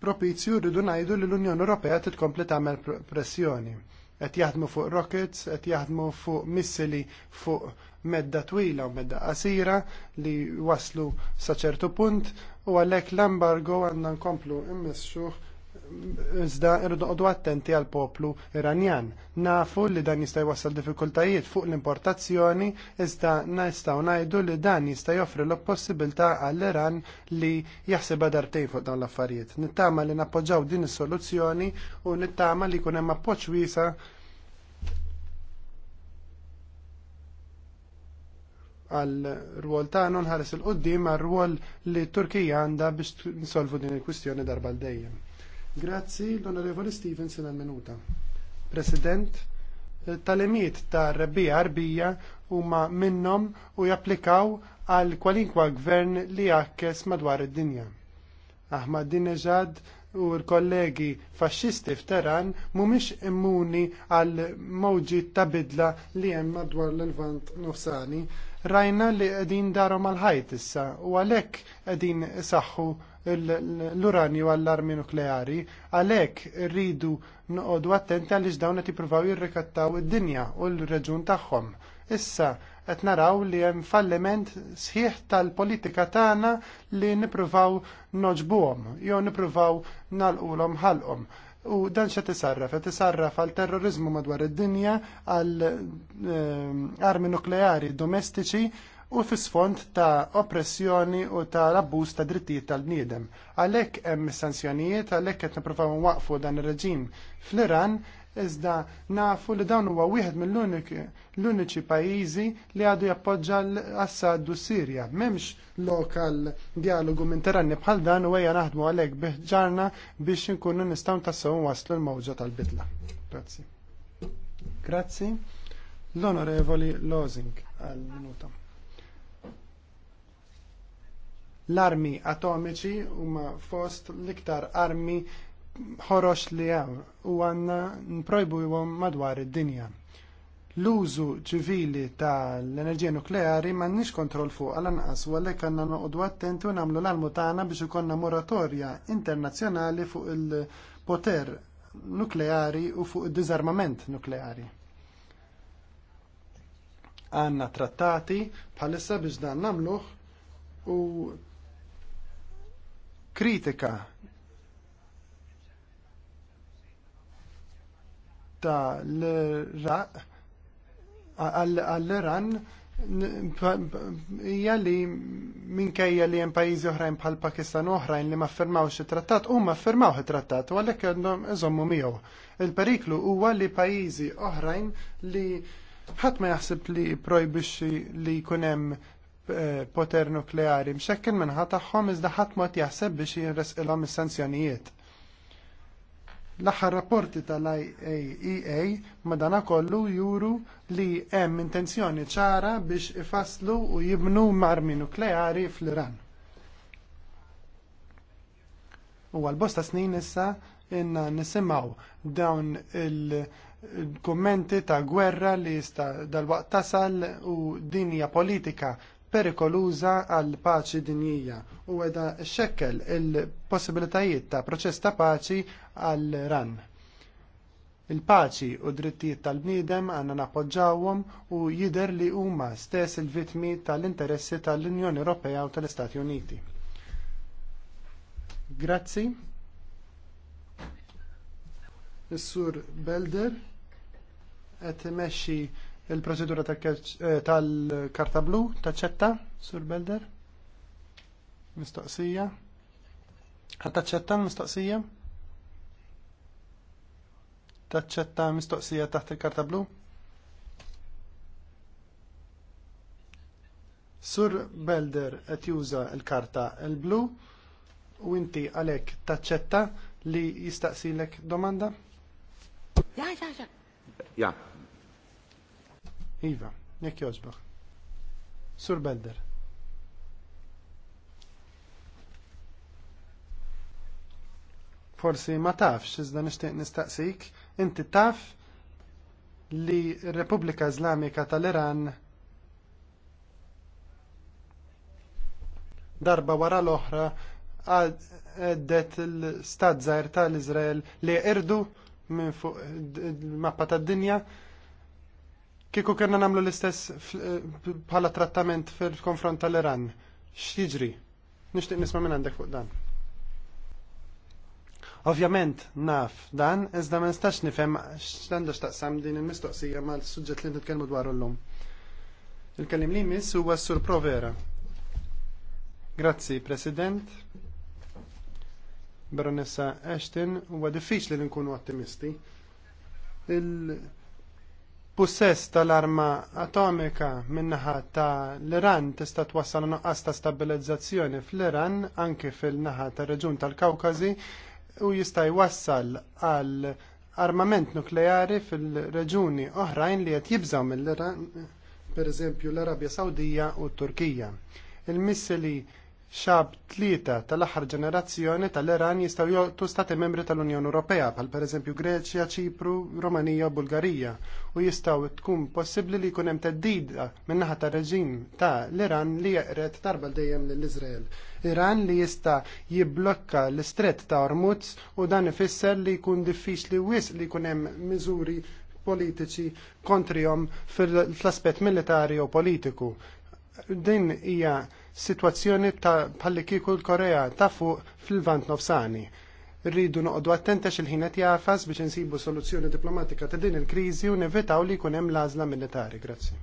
propizju rridu ngħidu li l-Unjoni Ewropea titkompli tagħmel pressjoni qed jaħdmu fuq rockets, qed jaħdmu fuq missili fuq medda twila u medda qasira li waslu sa ċertu punt u għalhekk l-embargo għandna nkomplu immexxuh iżda irdoqdu attenti għal poplu iranjan. Nafu li dan jista' jwassal diffikultajiet fuq l-importazzjoni, iżda nistgħu ngħidu li dan jista' joffri l-possibilità għall-Iran li jaħsibha dartejn fuq dawn l-affarijiet. Nittama li nappoġġaw din is-soluzzjoni u nittama li jkun hemm appoġġ wiesa' għal ta' tagħna nħares il qudiem għal ruol li Turkija għandha biex nsolvu din il-kwistjoni darba l dejjem Grazzi l-Onorevoli Stevenson għal minuta. President, tal-imiet ta' rebbija arbija huma minnhom u japplikaw għal kwalinkwa gvern li jakkes madwar id-dinja. Dinejad u l-kollegi faxxisti f'Teran mhumiex immuni għal mowġi ta' bidla li hemm madwar l-Levant nofsani rajna li qegħdin darhom għal ħajt issa u għalhekk qegħdin saħħu l-uranju għall-armi nukleari, għalhekk rridu noqogħdu attenti għaliex dawn qed jippruvaw jirrikattaw id-dinja u l-reġun tagħhom. Issa qed naraw li hemm falliment sħiħ tal-politika tagħna li nippruvaw noġbuhom jew nippruvaw nalqulhom ħalqhom u dan xa tisarraf, tisarraf għal terrorizmu madwar id-dinja, għal ehm, armi nukleari domestiċi u fis-sfond ta' oppressjoni u ta' abbuż ta' drittijiet tal-bniedem. Għalhekk hemm sanzjonijiet, għalhekk qed nippruvaw waqfu dan ir-reġim fl-Iran iżda nafu li dan huwa wieħed mill-uniċi pajjiżi li għadu jappoġġa l-Assad u Sirja. M'hemmx lokal dialogu minterranni bħal dan u ejja naħdmu għalhekk biħġarna biex inkunu nistgħu tassew waslu l mawġa tal-bidla. Grazzi. Grazzi. L-Onorevoli Losing għal-minuta l-armi atomiċi huma fost l-iktar armi ħorox li għaw u għanna n-projbu jwom madwar id-dinja. L-użu ċivili ta' l-enerġija nukleari ma' nix kontrol fuq għal-anqas u għalek għanna n-uqdu u namlu l-almu tagħna biex konna moratorja internazzjonali fuq il-poter nukleari u fuq id-dizarmament nukleari. Għanna trattati bħalissa biex dan namluħ u kritika ta' l-Iran hija li minkejja li hemm pajjiżi oħrajn bħal Pakistan oħrajn li ma ffirmawx it-trattat huma ffirmaw it-trattat u għalhekk għandhom iżommu miegħu. Il-periklu huwa li pajjiżi oħrajn li ħadd ma jaħseb li projbixxi li jkun hemm eh, poter nukleari mxekkin minnħa tagħhom iżda ħadd mod jaħseb biex jinresqilhom is-sanzjonijiet. L-aħħar rapporti tal-IAEA madana kollu juru li hemm intenzjoni ċara biex ifasslu u jibnu marmi nukleari fl-Iran. U għal-bosta snin issa inna nisimaw dawn il-kommenti ta' gwerra li jista dal-waqt tasal u dinja politika perikoluża għal paċi dinjija u għeda xekkel il-possibilitajiet ta' proċess ta' paċi għal ran. Il-paċi u drittijiet tal-bniedem għandna nappoġġawhom u jidher li huma stess il-vittmi tal-interessi tal-Unjoni Ewropea u tal-Istati Uniti. Grazzi. Is-Sur Belder qed imexxi l proċedura eh, tal-Karta Blu taċċetta, Sur Belder? Mistoqsija? Ħadd taċċetta l-mistoqsija? taċċetta mistoqsija taħt il-karta blu? Sur Belder qed juża l-karta l-blu u inti għalhekk taċċetta li jistaqsilek domanda? Ja, ja, ja. Ja. Iva, jekk jogħġbok. Sur Belder. Forsi ma tafx iżda nixtieq nistaqsik Inti taf li Repubblika Islamika tal-Iran darba wara l-oħra għaddet l-stat zaħir tal-Izrael li irdu minn fuq il-mappa tad-dinja kieku kena namlu l-istess bħala trattament fil-konfront tal-Iran. X'jiġri? Nixtieq nisma' minn għandek fuq dan. Ovvjament naf dan, iżda ma nistax nifhem x'għandu x'taqsam din il-mistoqsija mal-suġġett li nitkellmu dwar llum. Il-kellim li miss huwa s-sur Provera. Grazzi, President. Baronessa Ashton, huwa diffiċli li nkunu ottimisti. Il Pussess tal-arma atomika min-naħa ta' l-Iran tista' twassal nuqqas ta' stabilizzazzjoni fl-Iran anke fil-naħa tar reġun tal-Kawkazi u jista' jwassal għal armament nukleari fil-reġuni oħrajn li qed jibżgħu mill-Iran, pereżempju l-Arabja Sawdija u t-Turkija. Il-missili xab tlieta tal-aħħar ġenerazzjoni tal-Iran jistgħu joqtu stati membri tal-Unjoni Ewropea, bħal pereżempju Greċja, Ċipru, Romanija u Bulgarija, u jistgħu tkun possibbli li jkun hemm teddida min-naħa tar-reġim ta' l-Iran li jeqret darba dejjem lill-Iżrael. Iran li jista' jibblokka l-istret ta' Ormuz u dan ifisser li jkun diffiċli wis li jkun hemm miżuri politiċi kontrihom fl-aspett militari u politiku. Din hija situazzjoni ta' palli kiku l-Korea ta' fuq fil-vant nofsani. Rridu noqdu attenta xil ħinet qed jafas biex insibu soluzzjoni diplomatika ta' din il-kriżi u nevitaw li jkun hemm l-għażla militari. Grazie.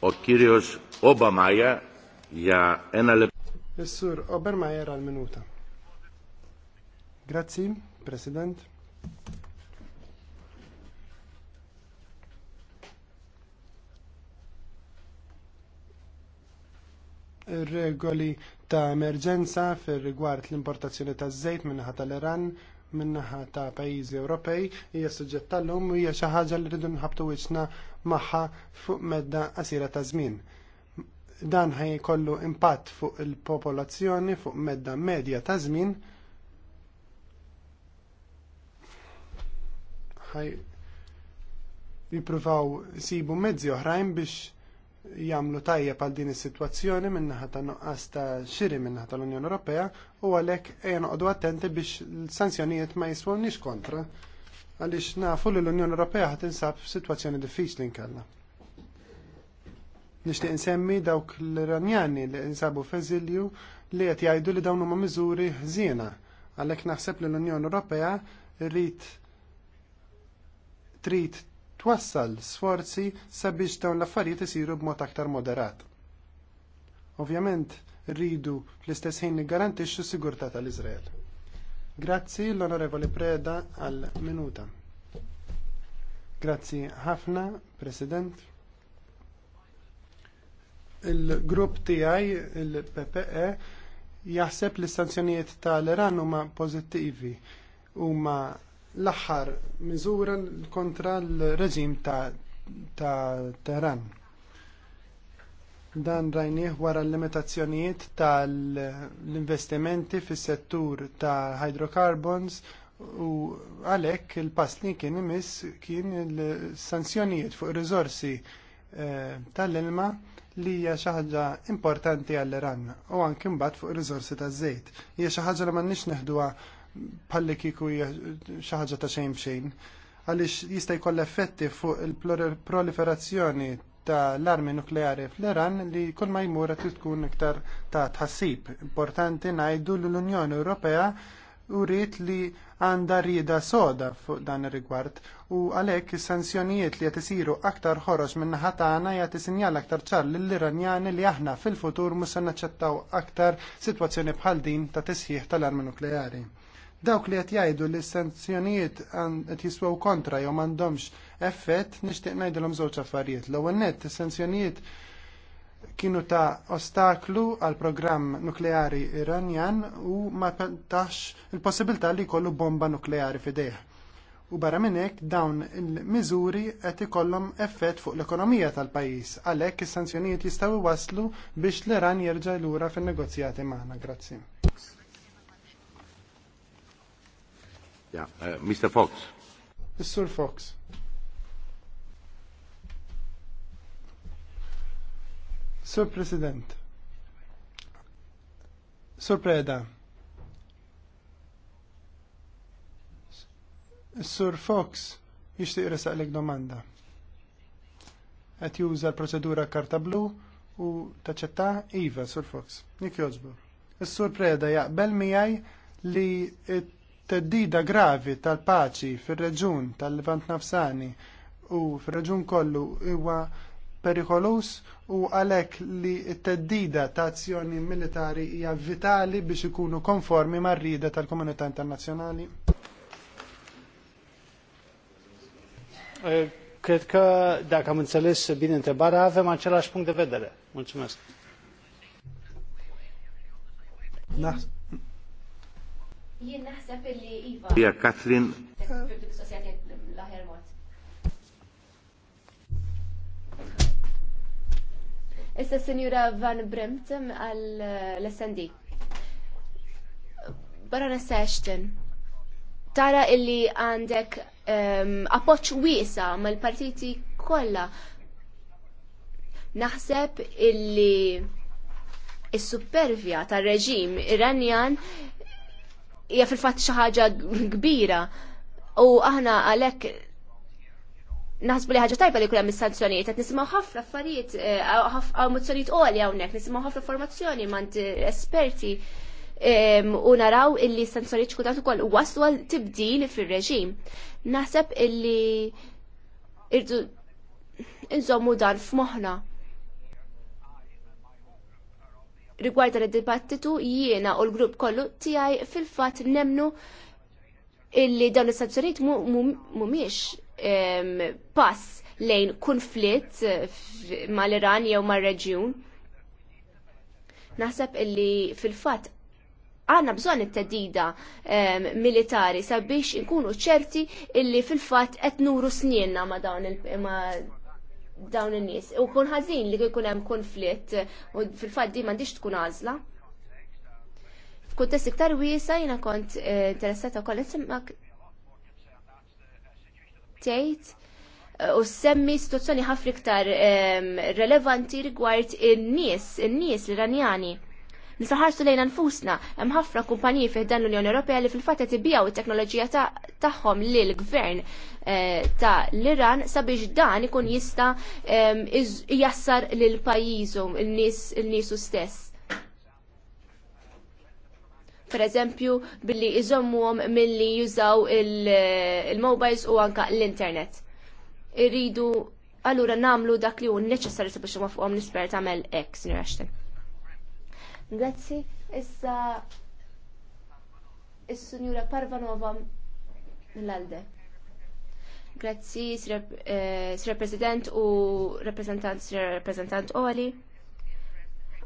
O Kirjos Obamaja ja ena le. is Obermaja Obermajer l minuta Grazzi, President. regoli ta' emerġenza fir rigward l-importazzjoni ta' żejt minnaħa tal-Iran minnaħa ta' pajjiżi Ewropej hija suġġett tal-lum u hija xi ħaġa li rridu nħabtu wiċċna magħha fuq medda qasira ta' żmien. Dan ħajkollu impatt fuq il-popolazzjoni fuq medda medja ta' żmien ħaj jippruvaw sibu mezzi oħrajn biex jagħmlu tajjeb għal din is-sitwazzjoni min-naħa ta' nuqqas ta' xiri min-naħa tal-Unjoni Ewropea u għalhekk ejja noqogħdu attenti biex l-sanzjonijiet ma jiswolniex kontra għaliex nafu li l-Unjoni Ewropea ħad tinsab f'sitwazzjoni diffiċli nkella. Nixtieq insemmi dawk l-Iranjani li nsabu f'eżilju li qed jgħidu li dawn huma miżuri ħżiena għalhekk naħseb li l-Unjoni Ewropea rrid trid twassal sforzi sabiex dawn l-affarijiet isiru b'mod aktar moderat. Ovvjament, rridu fl-istess ħin niggarantixxu sigurtà tal-Iżrael. Grazzi l-Onorevoli Preda għal minuta. Grazzi ħafna, President. Il-grupp tiegħi, il-PPE, jaħseb li s-sanzjonijiet tal-Iran huma pożittivi huma l-aħħar miżura kontra l-reġim ta', ta Teheran. Dan rajnieh wara l-limitazzjonijiet tal-investimenti fis-settur ta' hydrocarbons u għalhekk il-pass li kien imiss kien il-sanzjonijiet fuq riżorsi eh, tal-ilma li hija xi ħaġa importanti għall-Iran u anke mbagħad fuq ir-riżorsi taż-żejt. Hija xi ħaġa li m'għandniex neħduha palli kiku xi ħaġa ta' xejn b'xejn għaliex jista' jkoll effetti fuq il-proliferazzjoni ta' l-armi nukleari fl-Iran li kull ma jmur qed tkun iktar ta' tħassib. Importanti ngħidu l unjoni Ewropea uriet li għandha rieda soda fuq dan ir-rigward u għalhekk is-sanzjonijiet li qed isiru aktar ħoros minn naħa tagħna jagħti sinjal aktar ċar lill-Iranjani li aħna fil-futur mhux se naċċettaw aktar sitwazzjoni bħal din ta' tisħiħ tal-armi nukleari. Dawk li qed jgħidu li s-sanzjonijiet qed kontra jew m'għandhomx effett nixtieq ngħidulhom żewġ affarijiet. L-ewwel nett is-sanzjonijiet kienu ta' ostaklu għal programm nukleari Iranjan u ma tax il-possibilità li jkollu bomba nukleari f'idejh. U barra minn hekk dawn il-miżuri qed ikollhom effett fuq l-ekonomija tal-pajjiż, għalhekk is-sanzjonijiet jistgħu waslu biex l-Iran jerġa' lura fin-negozjati magħna. Grazzi. Yeah, uh, Mr. Fox. Mr. Fox. Sir President. Sir Preda. Sir Fox jishtiq resaqlek domanda. Għet juża l-proċedura karta blu u taċċetta Iva, Sir Fox. Nik jozbu. is Preda jaqbel miegħi li teddida gravi tal-paċi fir-reġun tal-Levant Nafsani u fir-reġun kollu huwa perikolus u għalhekk li t-teddida ta' azzjoni militari hija vitali biex ikunu konformi mar-rieda tal-komunità internazzjonali? Eh, de vedere. Jien naħseb illi Iva. Ja, Kathleen. Issa Signora Van Bremt għal eh, snd Barra Ashton, tara illi għandek um, appoċ wiesa mal-partiti kollha. Naħseb illi il supervja tar-reġim Iranjan hija fil-fatt xi ħaġa kbira u aħna għalhekk naħsbu li ħaġa tajba li kullem mis sanzjonijiet qed nisimgħu ħafna affarijiet eh, mozzjonijiet għoli hawnhekk, nisimgħu ħafna formazzjoni mant eh, esperti ehm, u naraw illi sanzjonijiet xkultant ukoll għaslu għal tibdil fir-reġim. Naħseb illi irdu nżommu dan f'moħħna rigward dan id-dibattitu jiena u l-grupp kollu tiegħi fil-fatt nemnu illi dawn is-sanzjonijiet mhumiex pass lejn konflitt eh, mal-Iran jew mar-reġjun. Naħseb illi fil-fatt għanna bżon it-tedida militari sabiex inkunu ċerti illi fil-fatt qed nuru snienna ma dawn il- dawn in-nies. U kun ħażin li jkun hemm konflitt u fil-fatt di m'għandix tkun għażla. F'kuntest iktar wiesa jiena kont eh, interessata wkoll isimak tgħid eh, u semmi situazzjoni ħafna iktar ehm, relevanti rigward in-nies, in-nies l-Iranjani nisaħarsu lejna nfusna, hemm ħafna kumpaniji fih dan l-Unjoni Ewropea li fil-fatt qed ibijaw it-teknoloġija tagħhom lil gvern eh, ta' l-Iran sabiex dan ikun jista' jassar lil pajjiżhom il-nies stess. Per eżempju, billi iżommuhom milli jużaw eh, il-mobiles u anka l-internet. Irridu allura namlu dak li hu neċessarju sabiex ma fuqhom l-isper tagħmel X, Ashton. Grazzi, issa is-Sunjura Parvanova mill-Alde. Grazzi, Sir eh, President u Reprezentant Sir Reprezentant Oli.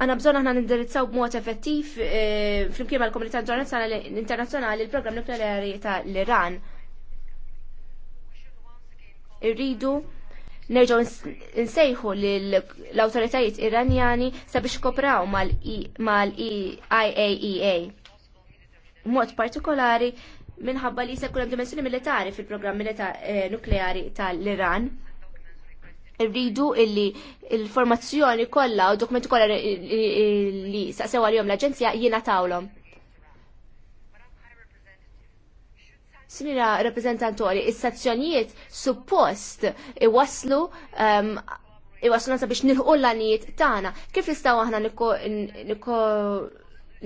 Għana bżon aħna nindirizzaw b'mod effettiv eh, flimkien mal-komunità internazzjonali l programm nukleari ta' l-Iran. Irridu nerġgħu nsejħu l-awtoritajiet Iranjani sabiex kopraw mal-IAEA. E Mod partikolari minħabba li jsekku hemm dimensjoni militari fil-programm eh, nukleari tal-Iran. Rridu illi l-formazzjoni kollha u dokumenti kollha li saqsew għalihom l-Aġenzja jiena tawlhom. Sinira rappresentantori, is-sazzjonijiet suppost iwaslu um, iwaslu nasa biex nilħu l-għanijiet tagħna. Kif nistgħu aħna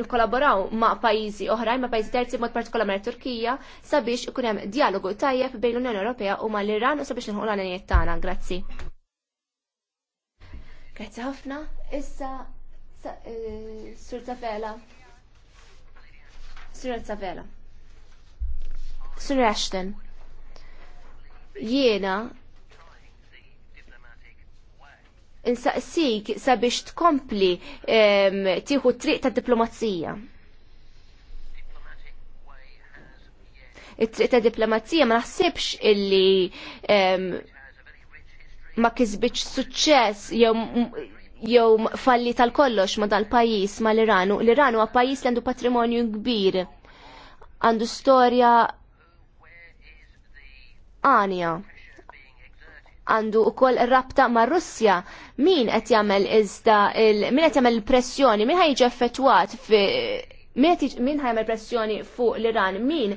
nikkolaboraw ma' pajjiżi oħrajn, ma' pajjiżi terzi mod partikolarment Turkija sabiex ikun hemm dialogu tajjeb bejn l-Unjoni Ewropea u mal iran u sabiex nilħu l-għanijiet tagħna. Grazzi. Grazzi ħafna. Issa eh, Sur Tavela. Sur Sur Ashton, jiena insaqsik sabiex tkompli tieħu triq ta' diplomazija. It-triq ta' diplomazija ma naħsibx illi ma kisbitx suċċess jew jew falli tal-kollox ma dal-pajis ma l-Iranu. L-Iranu huwa pajis li għandu patrimonju kbir. Għandu storja għanja għandu u koll rabta ma' Russja, min qed jagħmel iżda min qed jagħmel pressjoni, min ħajġi effettwat fi min ħajmel pressjoni fuq l-Iran, min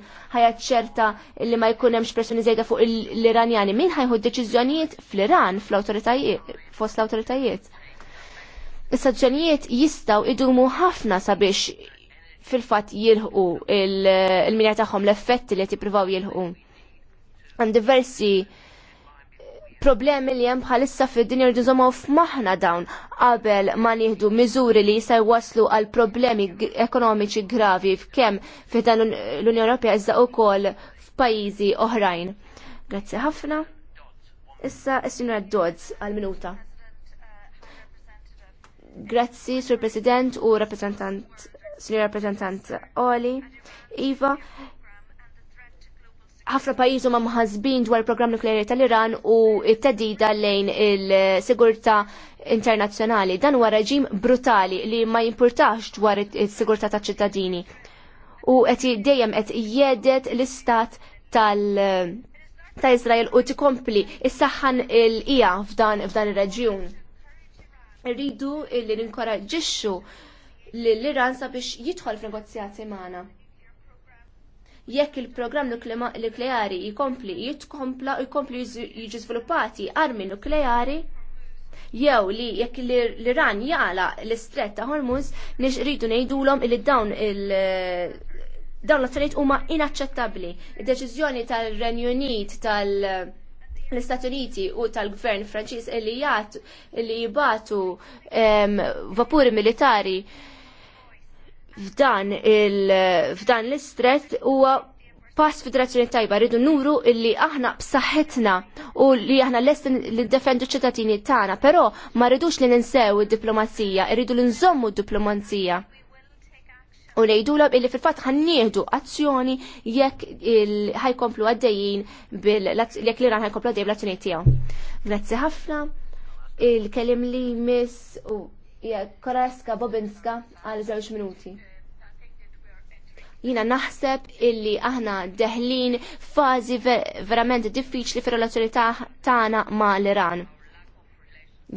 ċerta li ma jkun hemmx pressjoni żejda fuq l-Iranjani, min ħajħu deċiżjonijiet fl-Iran fl-awtoritajiet fost l-awtoritajiet. Is-saġġanijiet jistgħu idumu ħafna sabiex fil-fatt jilħu il-minja tagħhom l-effetti li qed jippruvaw jilħu għan diversi eh, problemi li hemm bħalissa fid-dinja rridu żomgħu f'maħna dawn qabel ma nieħdu miżuri li jista' jwaslu għal problemi ekonomiċi gravi f'kemm f'dan l-Unjoni Ewropea iżda wkoll f'pajjiżi oħrajn. Grazzi ħafna. Issa s sinjora Dodds għal minuta. Grazzi, Sur President u rappresentant Sinjor Rappresentant Oli, Iva, ħafna pajizu ma mħazbin dwar il-programm nukleari tal-Iran u t-tedida lejn il-sigurta internazzjonali. Dan huwa reġim brutali li ma jimpurtax dwar il-sigurta ta' ċittadini. U qed dejjem qed jedet l-istat tal- ta' Izrael u tikompli issaħħan il-qija f'dan f'dan ir-reġjun. Irridu li ninkoraġġixxu l iran sabiex jidħol f'negozjati magħna jekk il-programm nukleari jkompli jitkompla u jkompli jiġi sviluppati armi nukleari jew li jekk l-Iran jala l-istret ta' Hormuz nix rridu ngħidulhom li dawn il- dawn l-affarijiet huma inaċċettabbli. Id-deċiżjoni tal-Renju Unit tal- l-Istati Uniti u tal-Gvern Franċiż li jgħatu li jibatu vapuri militari f'dan il f'dan l-istret huwa pass fid tajba rridu nuru illi aħna b'saħħitna u li aħna lest li defendu ċittadini tagħna, però ma rridux li ninsew id-diplomazija, rridu li nżommu d-diplomazija. U ngħidulhom illi fil-fatt ħannieħdu azzjoni jekk ħajkomplu għaddejjin bil jekk l-Iran ħajkomplu għaddejjin bl-azzjoni tiegħu. Grazzi ħafna. Il-kelim li miss u Koraska Bobinska għal żewġ minuti. Jina naħseb illi aħna deħlin fazi verament diffiċli fir-relazzjoni tagħna ma' l-Iran.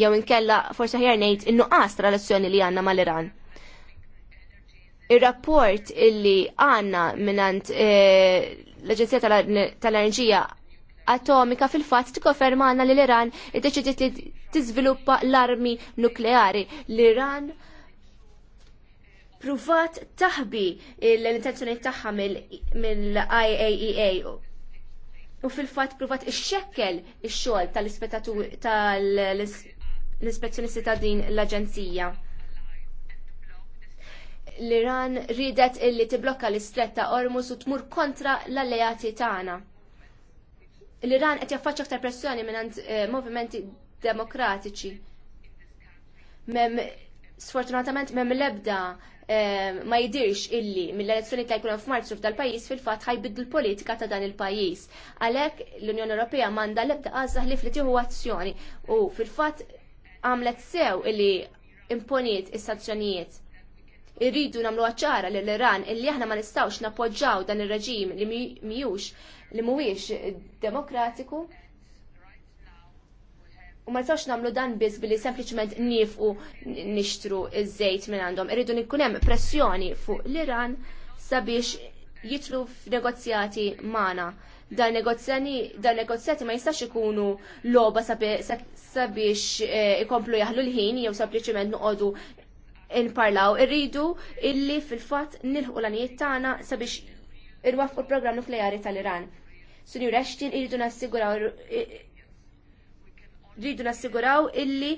Jew inkella forsi ħjar ngħid innu qas relazzjoni li għandna mal iran Ir-rapport illi għandna mingħand eh, l-Aġenzija tal-Enerġija atomika fil-fatt tikkonfermana li l-Iran iddeċidiet li tiżviluppa l-armi nukleari. L-Iran pruvat taħbi l-intenzjoni tagħha mill-IAEA e u fil-fatt pruvat ixxekkel ix-xogħol tal-ispezzjonisti ta' din l-aġenzija l-Iran ridet illi tiblokka l-istretta Ormus u tmur kontra l-alleati tagħna l-Iran qed jaffaċċa aktar pressjoni minn eh, movimenti demokratiċi. Mem sfortunatament mem ebda eh, ma jidirx illi mill-elezzjoni ta' jkun f'Marzu f'dal-pajjiż fil-fatt ħajbiddu l-politika ta' dan il-pajjiż. Għalhekk l-Unjoni Ewropea m'għandha l-ebda qażaħ li flitiħu azzjoni u fil-fatt għamlet sew illi imponiet is-sanzjonijiet irridu namlu ċara l iran illi aħna ma nistawx napoġġaw dan ir-reġim li mhijiex li mhuwiex demokratiku. U ma nistawx namlu dan biss billi sempliċement u nixtru iż-żejt minn għandhom. Irridu nikunem hemm pressjoni fuq l-Iran sabiex jitlu f'negozjati mana. Dan negozjati ma jistax ikunu loba sabiex eh, ikomplu jaħlu l-ħin jew sempliciment noqogħdu nparlaw, irridu illi fil-fatt nilħu l-għanijiet tagħna sabiex irwafqu l-programm nukleari tal-Iran. Sunju reċtin irridu nassiguraw rridu nassiguraw illi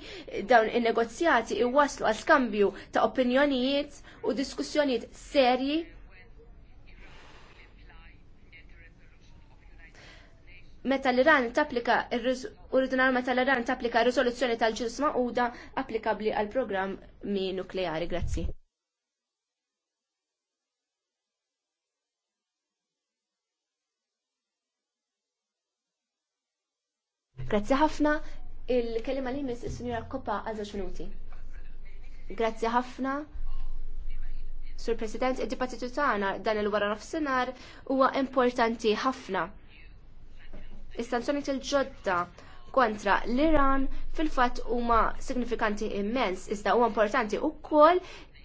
dawn in-negozjati iwaslu għal skambju ta' opinjonijiet u diskussjonijiet serji meta l-Iran tapplika u rridu meta l-Iran tapplika r-risoluzzjoni tal ġisma u da applikabli għal programm mi nukleari. Grazzi. Grazzi ħafna. Il-kelima li mis il sinjura Koppa għal minuti. Grazzi ħafna. Sur President, id dipatitu tagħna dan il-wara nofsinhar huwa importanti ħafna. Istanzjoni til ġodda kontra l-Iran fil-fatt huma signifikanti immens, iżda huwa importanti wkoll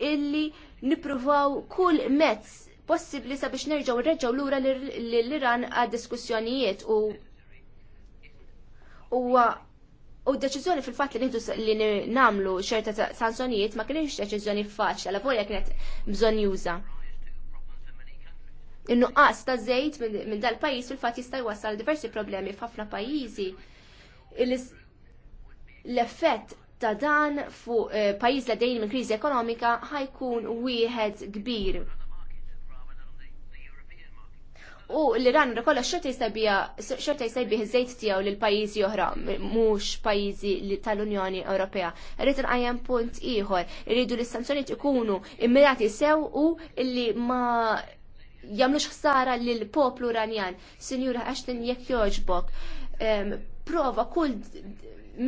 illi nippruvaw kull mezz possibbli sabiex nerġgħu nreġgħu lura l-Iran għad diskussjonijiet u u U deċiżjoni fil-fatt li nieħdu li namlu xerta sanzjonijiet ma kienx deċiżjoni faċli, għal voja kienet bżonn juża. In-nuqqas ta' żejt minn dal-pajjiż fil-fatt jista' jwassal diversi problemi f'ħafna pajjiżi l-effett ta' dan fuq eh, pajjiż li dejjem minn kriżi ekonomika ħajkun wieħed kbir. U l ran rikolla xorta jsejbih iż-żejt tiegħu lil pajjiżi oħra, mhux pajjiżi tal-Unjoni Ewropea. Rrid inqajjem punt ieħor, irridu li s-sanzjonijiet ikunu immirati sew u li ma jagħmlux ħsara l poplu Iranjan. Sinjura Ashton jekk jogħġbok prova kull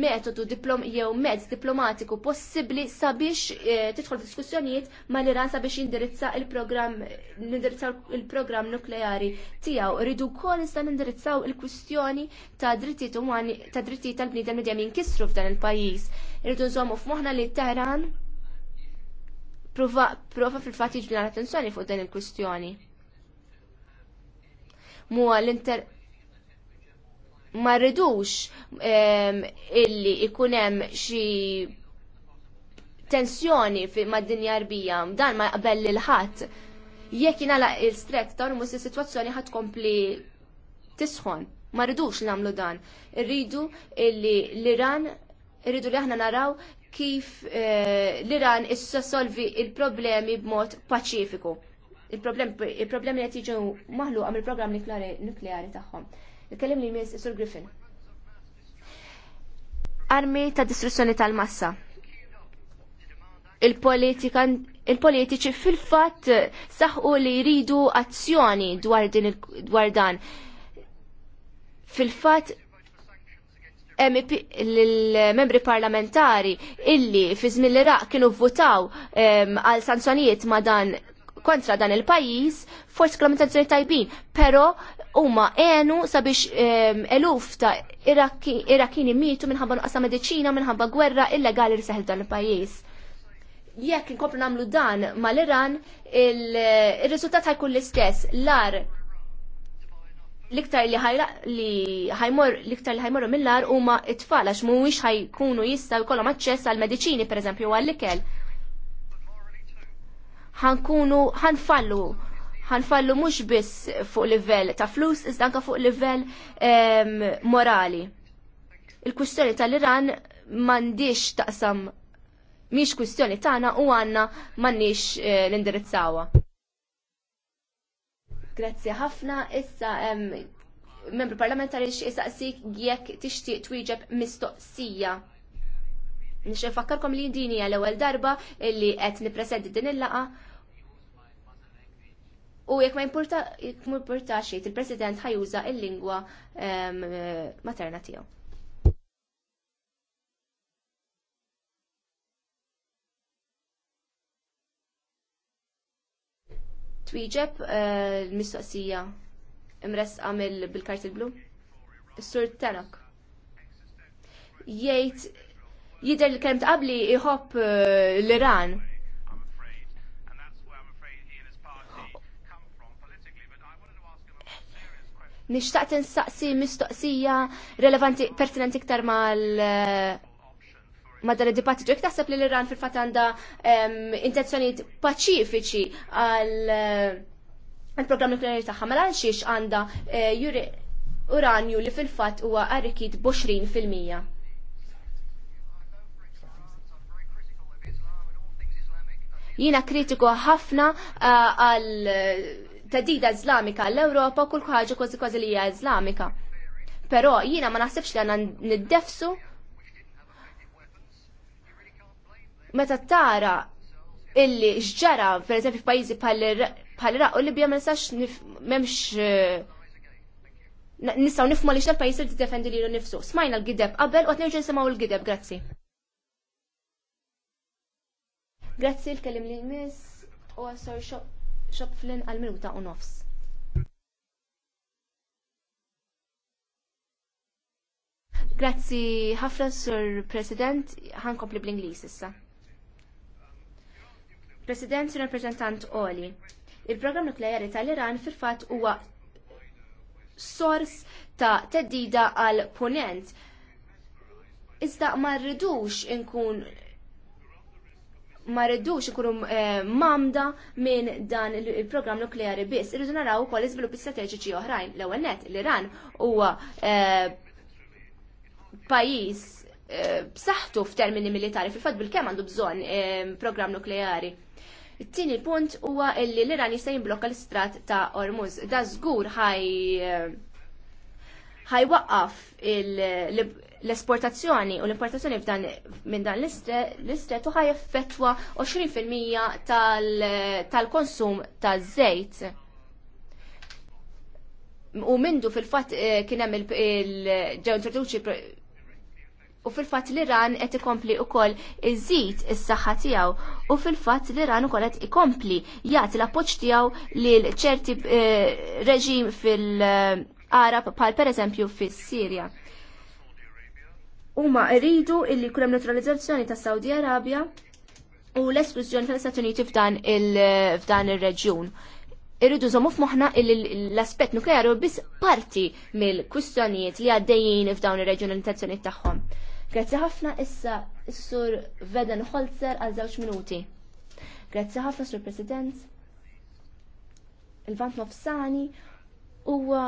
metodu diplom jew mezz diplomatiku possibbli sabiex eh, tidħol diskussjonijiet mal-Iran sabiex jindirizza il program nindirizza il-programm nukleari tiegħu. Rridu wkoll nista' nindirizzaw il-kwistjoni ta' drittijiet umani ta' drittijiet tal-bniedem li dejjem jinkissru f'dan il-pajjiż. Irridu nżommu f'moħħna li Teheran prova, prova fil-fatt jiġbina l-attenzjoni fuq dan il-kwistjoni. Mua l-inter ma rridux ehm, illi ikunem hemm xi tensjoni mad-dinja rbija, dan ma qabel il ħadd Jekk ingħalaq il-stret ta' rumus is-sitwazzjoni ħat kompli tisħon. Ma rridux nagħmlu dan. Irridu illi l-Iran rridu li aħna naraw kif eh, l-Iran issa solvi il-problemi b'mod paċifiku. Il-problemi li qed jiġu maħluqa mill-programm nukleari tagħhom il li jmiss Sur Griffin. Armi ta' distruzzjoni tal-massa. Il-politiċi fil-fatt saħu li jridu azzjoni dwar dan. Fil-fatt l-membri parlamentari illi fi żmien l-Iraq kienu votaw għal sanzjonijiet ma' dan kontra dan il-pajis, forsi kellhom intenzjoni tajbin, però huma għenu sabiex ehm, eluf ta' Irakini mitu minħabba nuqqasa mediċina, minħabba gwerra illegali li seħel dan il-pajis. Jekk inkomplu namlu dan mal-Iran, il-riżultat eh, ħajkun l-istess. Lar l-iktar li ħajmor l-iktar li ħajmorru mill-lar huma t tfal għax mhuwiex ħajkunu jistgħu jkollhom aċċess għal mediċini pereżempju għall-ikel ħankunu ħanfallu ħanfallu mhux biss fuq livell ta' flus iżda anke fuq livell morali. Il-kwistjoni tal-Iran m'għandix taqsam miex kwistjoni tagħna u għandna m'għandniex eh, l-indirizzawa. Grazzi ħafna, issa membru parlamentari saqsik jekk tixtieq twieġeb mistoqsija. Nix fakkarkom li dini għal ewwel darba illi qed nippresenti din il-laqa U jekk ma importa, jekk il-President ħajuża il-lingwa ehm, materna tiegħu. Twieġeb eh, l-mistoqsija Imres għamil bil-kart il-blu? Is-sur Tanok. Jgħid jidher l-kelm ta' qabli eh, l-Iran Nixtaqt insaqsi mistoqsija relevanti pertinenti iktar mal ma dan id-dibattitu. Jek taħseb li l-Iran fil-fat għandha intenzjonijiet paċifiċi għal eh, il-programm nukleari tagħha mela xiex għandha eh, uranju li fil-fatt huwa arrikid b'20 fil-mija. Jiena kritiku ħafna eh, għal tadida Islamika l-Ewropa kull ħaġa kważi kważi li hija Islamika. Però jiena ma naħsibx li għandna niddefsu meta tara illi xġara, per eżempju, f'pajjiżi bħal-Iraq u Libja ma nistax m'hemmx eh, nistaw nifmu li xnaf pajis li defendi nifsu. Smajna l-gideb qabel u nerġa' nisimgħu l-gideb, grazzi. Grazzi l-kellim li jmiss u għasor xoq. Schopflin għal minuta u nofs. Grazzi ħafna sur President, ħankompli bl-Inglis issa. President, rappresentant Oli, il-programm nukleari tal-Iran fil-fat huwa sors ta' teddida għal ponent. Iżda ma rridux inkun ma rridux ikunu eh, mamda minn dan il-programm nukleari biss, irridu naraw ukoll iżviluppi strateġiċi oħrajn. L-ewwel net l-Iran huwa eh, pajjiż eh, b'saħħtu f'termini militari fil-fatt bil-kemm għandu bżonn programm nukleari. It-tieni punt huwa li l-Iran jista' jimblokka l-istrat ta' Ormuz. Da żgur ħaj ħajwaqqaf l-esportazzjoni u l-importazzjoni minn dan l-istret ħaj effettwa 20% tal-konsum tal-żejt. U mindu fil-fat eh, kien hemm il-ġew introduċi u fil-fat l-Iran qed ikompli wkoll iżid is-saħħa tiegħu u fil-fat l-Iran ukoll qed ikompli jagħti l-appoġġ tiegħu lil ċerti eh, reġim fil-Arab eh, bħal pereżempju fis-Sirja huma rridu illi kulem neutralizzazzjoni ta' Saudi Arabia u l-esklużjoni tal-Istati Uniti f'dan il-reġjun. Irridu żommu f'moħħna l-aspett nukleari biss parti mill-kwistjonijiet li għaddejjin f'dawn ir-reġjun l intenzjonijiet tagħhom. Grazzi ħafna issa s-sur Veden Holzer għal żewġ minuti. Grazzi ħafna sur President. Il-vant nofsani huwa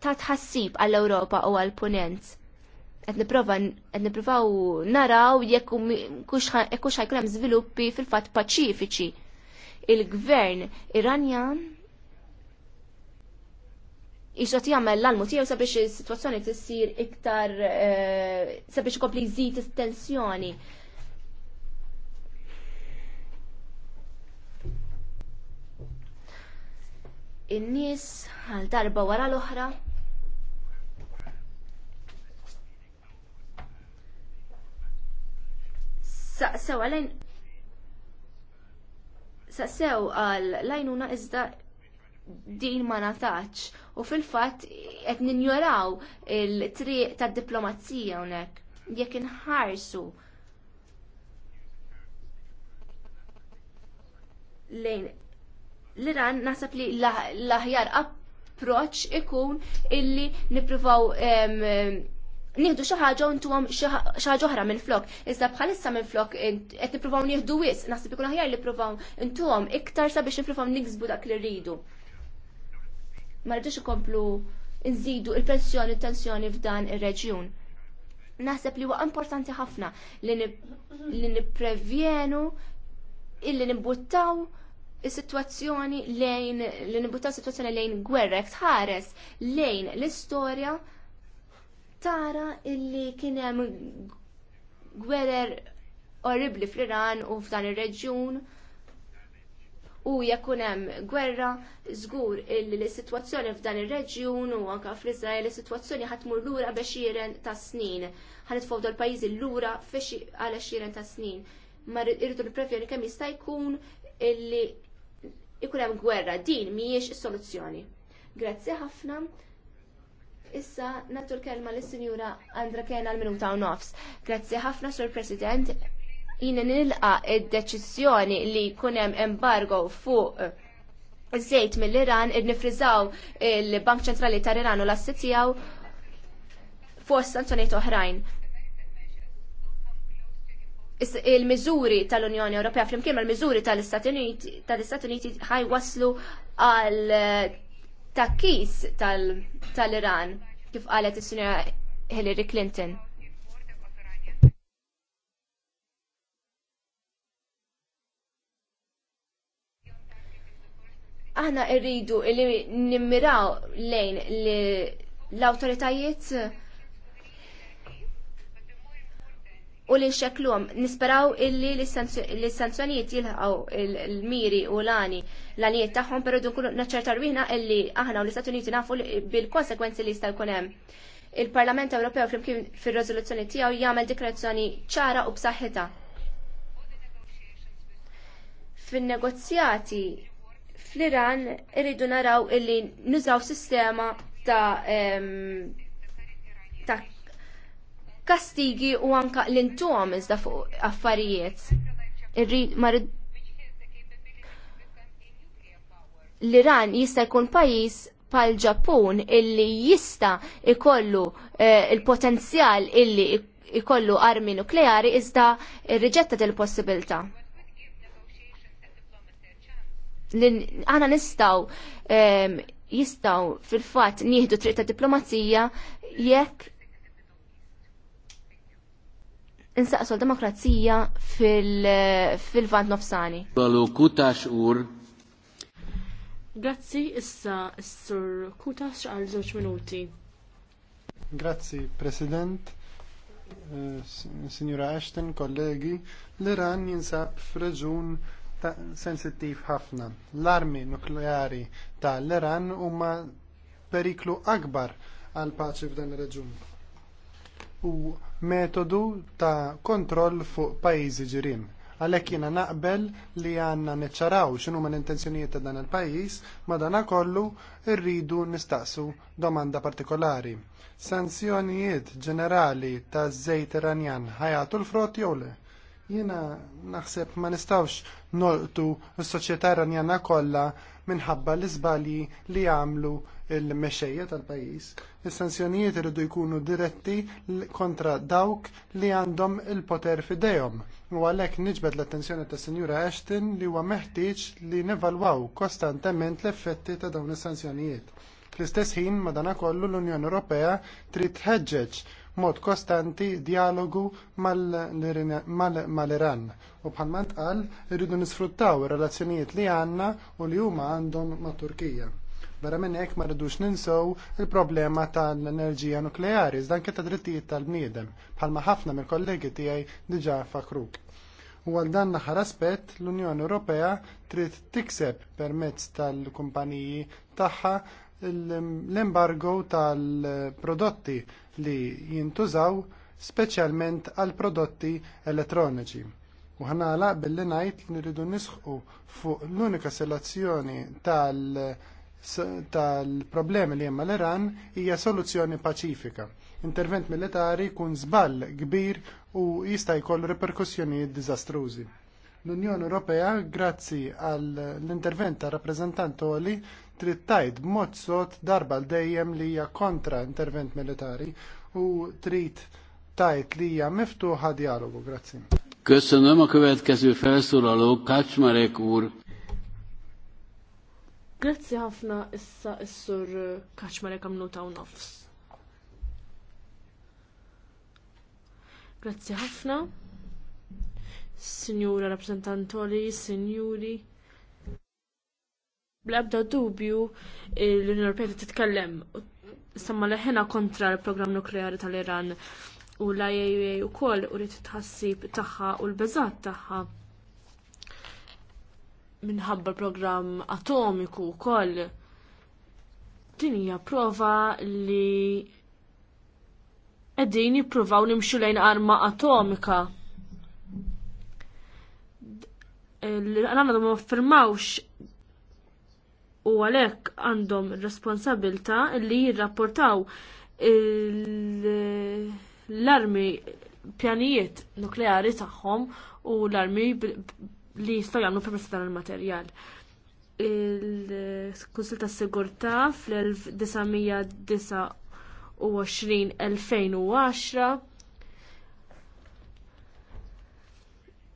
ta' tħassib għall-Ewropa u għall-Punent qed nipprova qed nippruvaw naraw jekk hux ħajkun hemm żviluppi fil-fatt paċifiċi. Il-gvern Iranjan jisot jagħmel l-almu tiegħu sabiex is-sitwazzjoni sir iktar eh, sabiex ikompli jżid is-tensjoni. In-nies għal darba wara l-oħra saqsew għalajn saqsew għal lajnuna iżda din ma nataċ u fil-fatt qed ninjoraw il-triq tad-diplomazija hawnhekk jekk inħarsu lejn l-Iran naħseb li l-aħjar approċ ikun illi nippruvaw nieħdu xi ħaġa intuhom xi ħaġa oħra minn flok. Iżda bħalissa minn flok eh, qed nippruvaw nieħdu wis, naħseb ikun aħjar li pruvaw intuhom iktar sabiex nippruvaw niksbu dak li rridu. Ma rridux ikomplu nżidu il-pensjoni tensjoni f'dan ir-reġjun. Naħseb li huwa importanti ħafna li nipprevjenu illi nibbuttaw is-sitwazzjoni lejn li nibbuttaw sitwazzjoni lejn gwerrek tħares lejn l-istorja tara illi kien hemm gwerer orribli fl-Iran u f'dan ir-reġjun u jekk hemm gwerra żgur il-sitwazzjoni f'dan ir-reġjun u anke fl-Iżrael is-sitwazzjoni ħadd tmur lura biex jiren ta' snin. fawdu l-pajjiżi lura għal xiren ta' snin. Ma irridu nipprevjoni kemm jista' jkun illi ikun hemm gwerra din mhijiex is-soluzzjoni. Grazzi ħafna. Issa nattu l-kelma l-Sinjura Andra Kena l-minuta u nofs. Grazzi ħafna, Sur President. Jina nilqa id-deċizjoni li kunem embargo fuq żejt mill-Iran id-nifrizaw il-Bank ċentrali tar-Iran u l-assitijaw fost sanzjoniet oħrajn. Il-miżuri tal-Unjoni Ewropea flimkien mal-miżuri tal-Istati Uniti ħaj waslu għal takkis tal-Iran kif qalet is-Sinjora Hillary Clinton. Aħna rridu li nimmiraw lejn l-awtoritajiet u li nxekluhom nisperaw illi l sanzjoniet jilħaw il-miri u l-ani l aniet tagħhom pero dunkun kullu naċċertar illi aħna u l-Istati Uniti nafu bil-konsekwenzi li jista' jkun hemm. Il-Parlament Ewropew flimkien fir-riżoluzzjoni tiegħu jagħmel dikrazzjoni ċara u b'saħħita. Fin-negozjati fl-Iran irridu naraw illi nużaw sistema ta' ta' kastigi u anka l-intuħam iżda fuq affarijiet. L-Iran jista' jkun pajis pal ġappun illi jista' ikollu eh, il-potenzjal illi ikollu armi nukleari iżda rriġetta il possibilità Għana nistaw eh, jistaw fil-fat nieħdu triq ta' diplomazija jekk insaqsu l-demokrazija fil-vant nofsani. Balu kutax ur. Grazzi, issa, s-sur kutax għal żewġ minuti. Grazzi, President, eh, Signora Ashton, kollegi, l-Iran jinsab f'reġun sensittiv ħafna. L-armi nukleari ta' l-Iran huma periklu akbar għal paċi f'dan ir-reġun u metodu ta' kontroll fuq pajjiżi ġirien. Għalhekk jiena naqbel li għandna niċċaraw x'inhuma l-intenzjonijiet ta' dan il-pajjiż madankollu rridu nistaqsu domanda partikolari. Sanzjonijiet ġenerali ta' żejt Iranjan ħajatu l-frott jew le? Jiena naħseb ma nistawx nolqtu s-soċjetà Iranjana kollha minħabba l-iżbalji li għamlu il-mexxejja tal-pajjiż. Is-sanzjonijiet iridu jkunu diretti kontra dawk li għandhom il-poter fidejhom. U għalhekk niġbed l-attenzjoni tas Sinjura Ashton li huwa meħtieġ li nevalwaw kostantement l-effetti ta' dawn is-sanzjonijiet. Fl-istess ħin madanakollu l-Unjoni Ewropea trid tħeġġeġ mod kostanti dialogu mal-Iran. U bħalma tqal irridu nisfruttaw ir-relazzjonijiet li għandna u li huma għandhom mat Turkija. Barra minn hekk ma rridux ninsew il-problema tal-enerġija nukleari, iżda ta' drittijiet tal-bniedem, bħalma ħafna mill-kollegi tiegħi diġà fakruk. U għal dan l-aħħar aspett l-Unjoni Ewropea trid tikseb permezz tal-kumpaniji tagħha l-embargo tal-prodotti li jintużaw speċjalment għal prodotti elettroniċi. U ħanala billi ngħid li rridu nisħu fuq l-unika selezzjoni tal- tal-problemi li jemma l-Iran hija soluzzjoni paċifika. Intervent militari kun żball kbir u jista' jkollu reperkussjonijiet diżastrużi. L-Unjoni Ewropea, grazzi għall-intervent ta' Toli trid tajt b'mod sod darba l dejjem li hija kontra intervent militari u trid tajt li hija miftuħa dialogu. Grazzi. Köszönöm a következő felszólaló Kacsmarek úr. Grazzi ħafna issa is-sur Kaċmarek għamlu ta' nofs. Grazzi ħafna. Sinjura rappresentantoli, sinjuri. Blabda dubju l-Unjoni Ewropea titkellem samma leħena kontra l-programm nukleari tal-Iran u l-IAEA u koll u rrit tħassib taħħa u l-bezat taħħa minħabba programm atomiku wkoll. Din hija prova li qegħdin jippruvaw nimxu lejn arma atomika. L-għanna ma firmawx u għalhekk għandhom responsabilta li jirrapportaw l-armi pjanijiet nukleari tagħhom u l-armi li jistaw jagħmlu permezz dan il-materjal. Il-Kunsil tas-Sigurtà fl 1929 2010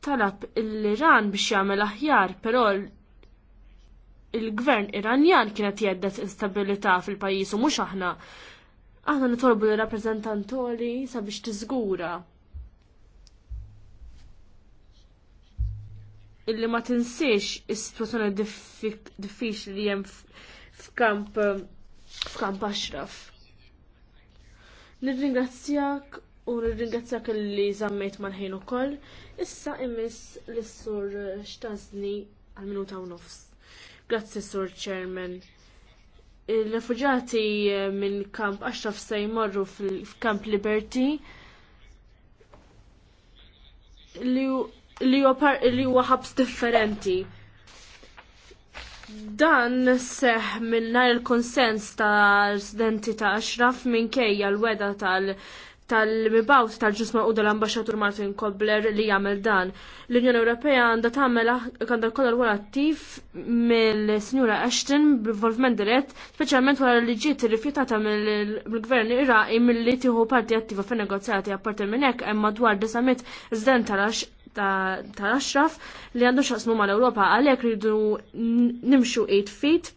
talab l-Iran biex jagħmel aħjar, però il-gvern Iranjan kienet jeddet instabilità fil-pajjiż u mhux aħna. Aħna nitolbu l-rappreżentantoli sabiex tiżgura illi ma tinsiex is-situazzjoni diffiċli li hemm f'kamp um, f'kamp Ashraf. Nirringrazzjak u nirringrazzjak li żammejt mal-ħin ukoll. Issa imiss l-sur Xtazni għal-minuta u nofs. Grazzi sur Chairman. Il-refuġati eh, minn kamp Ashraf se jmorru f'kamp Liberty li li huwa li huwa ħabs differenti. Dan seħ minnar il-konsens tal-studenti ta' Ashraf kejja l-weda tal- tal-mibawt tal-ġusma u dal-ambasġatur Martin Kobler li jagħmel dan. L-Unjoni Ewropea għandha tagħmel ah- għandha kollha rwol attiv mill-Sinjura Ashton b'involvment dirett, speċjalment wara li ġiet irrifjutata mill-Gvern Iraqi milli tieħu parti attiva fin-negozjati apparti minn hekk hemm madwar 900 żden tal-għax ta' Ashraf li għandu xaqsmu mal-Ewropa għalhekk rridu nimxu 8 feet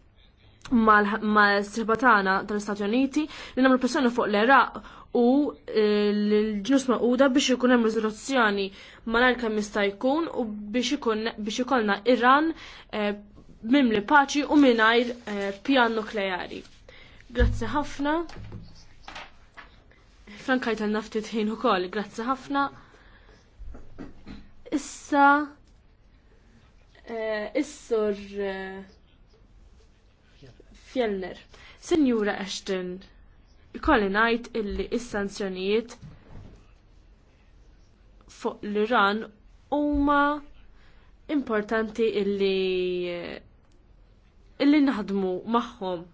mal sirbatana tal-Stati Uniti li nagħmlu persona fuq l-Iraq u e, l-ġnus maquda biex ikun hemm riżoluzzjoni malajr kemm jista' jkun u biex ikollna Iran e, mimli paċi u mingħajr e, pjan nukleari. Grazzi ħafna. Frankajt għal naftit ħin ukoll, grazzi ħafna. Issa eh, Is-sur eh, Fjellner. Sinjura Ashton, ikolli ngħid illi is-sanzjonijiet fuq l-Iran huma importanti illi eh, illi naħdmu magħhom.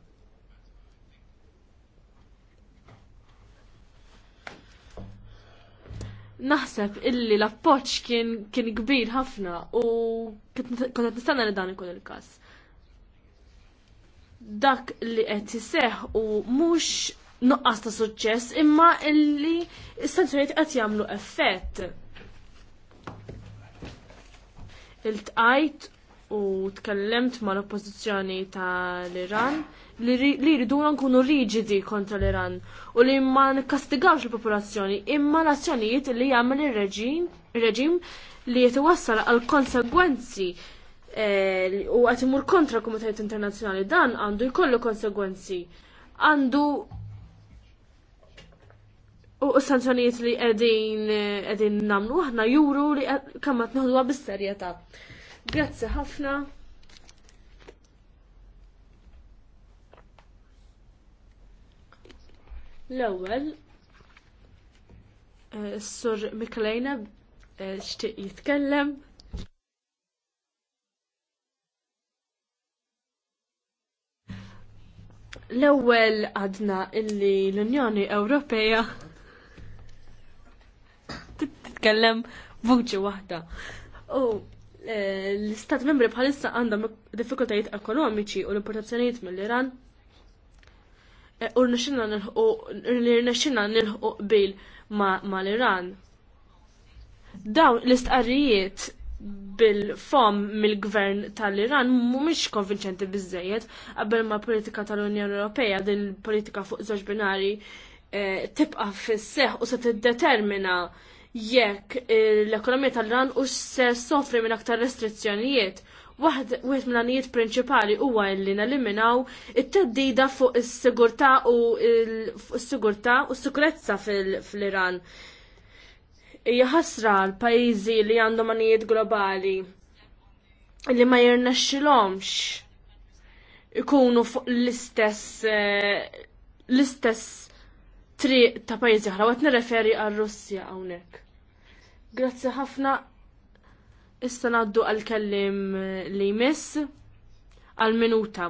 naħseb illi l-appoċ kien, kien kbir ħafna u kont nistanna li dan ikun il-każ. Dak li qed iseħħ u mhux nuqqas ta' suċċess imma illi s-sanzjonijiet qed jagħmlu effett. Iltqajt u tkellemt mal-oppożizzjoni tal-Iran li jriduna nkunu riġidi kontra l-Iran u li ma nikkastigawx il-popolazzjoni imma l-azzjonijiet li jagħmel ir-reġim li iwassal għal konsegwenzi eh, u qed imur kontra komitajt internazjonali dan għandu jkollu konsegwenzi għandu u sanzjonijiet li għedin eh, qegħdin namlu għahna juru li eh, kammat nħudu serjetà grazzi ħafna L-ewwel eh, Sur Miklejna eh, xtieq jitkellem. L-ewwel għadna illi l-Unjoni Ewropea titkellem b'vuċi waħda. U eh, l-Istat Membri bħalissa għandhom diffikultajiet ekonomiċi u l-importazzjonijiet mill-Iran Eh, u rnexxinna nilħu ma mal-Iran. Dawn l-istqarrijiet bil-fom mill-gvern tal-Iran mhumiex konvinċenti biżejjed qabel ma' politika tal-Unjoni Ewropea din politika fuq żewġ binari eh, tibqa' fis-seħħ u se tiddetermina jekk eh, l-ekonomija tal-Iran u se sofri minn aktar restrizzjonijiet Waħed minn għanijiet prinċipali huwa li naliminaw it-teddida fuq is-sigurtà u s-sigurtà u s-sikurezza fl-Iran. Hija ħasra l-pajjiżi li għandhom għanijiet globali li ma jirnexxilhomx ikunu fuq l-istess eh, l-istess triq ta' pajjiżi oħra, għat nirreferi għal-Russja hawnhekk. Grazzi ħafna Issa naddu għal-kellim li jmiss għal-minuta.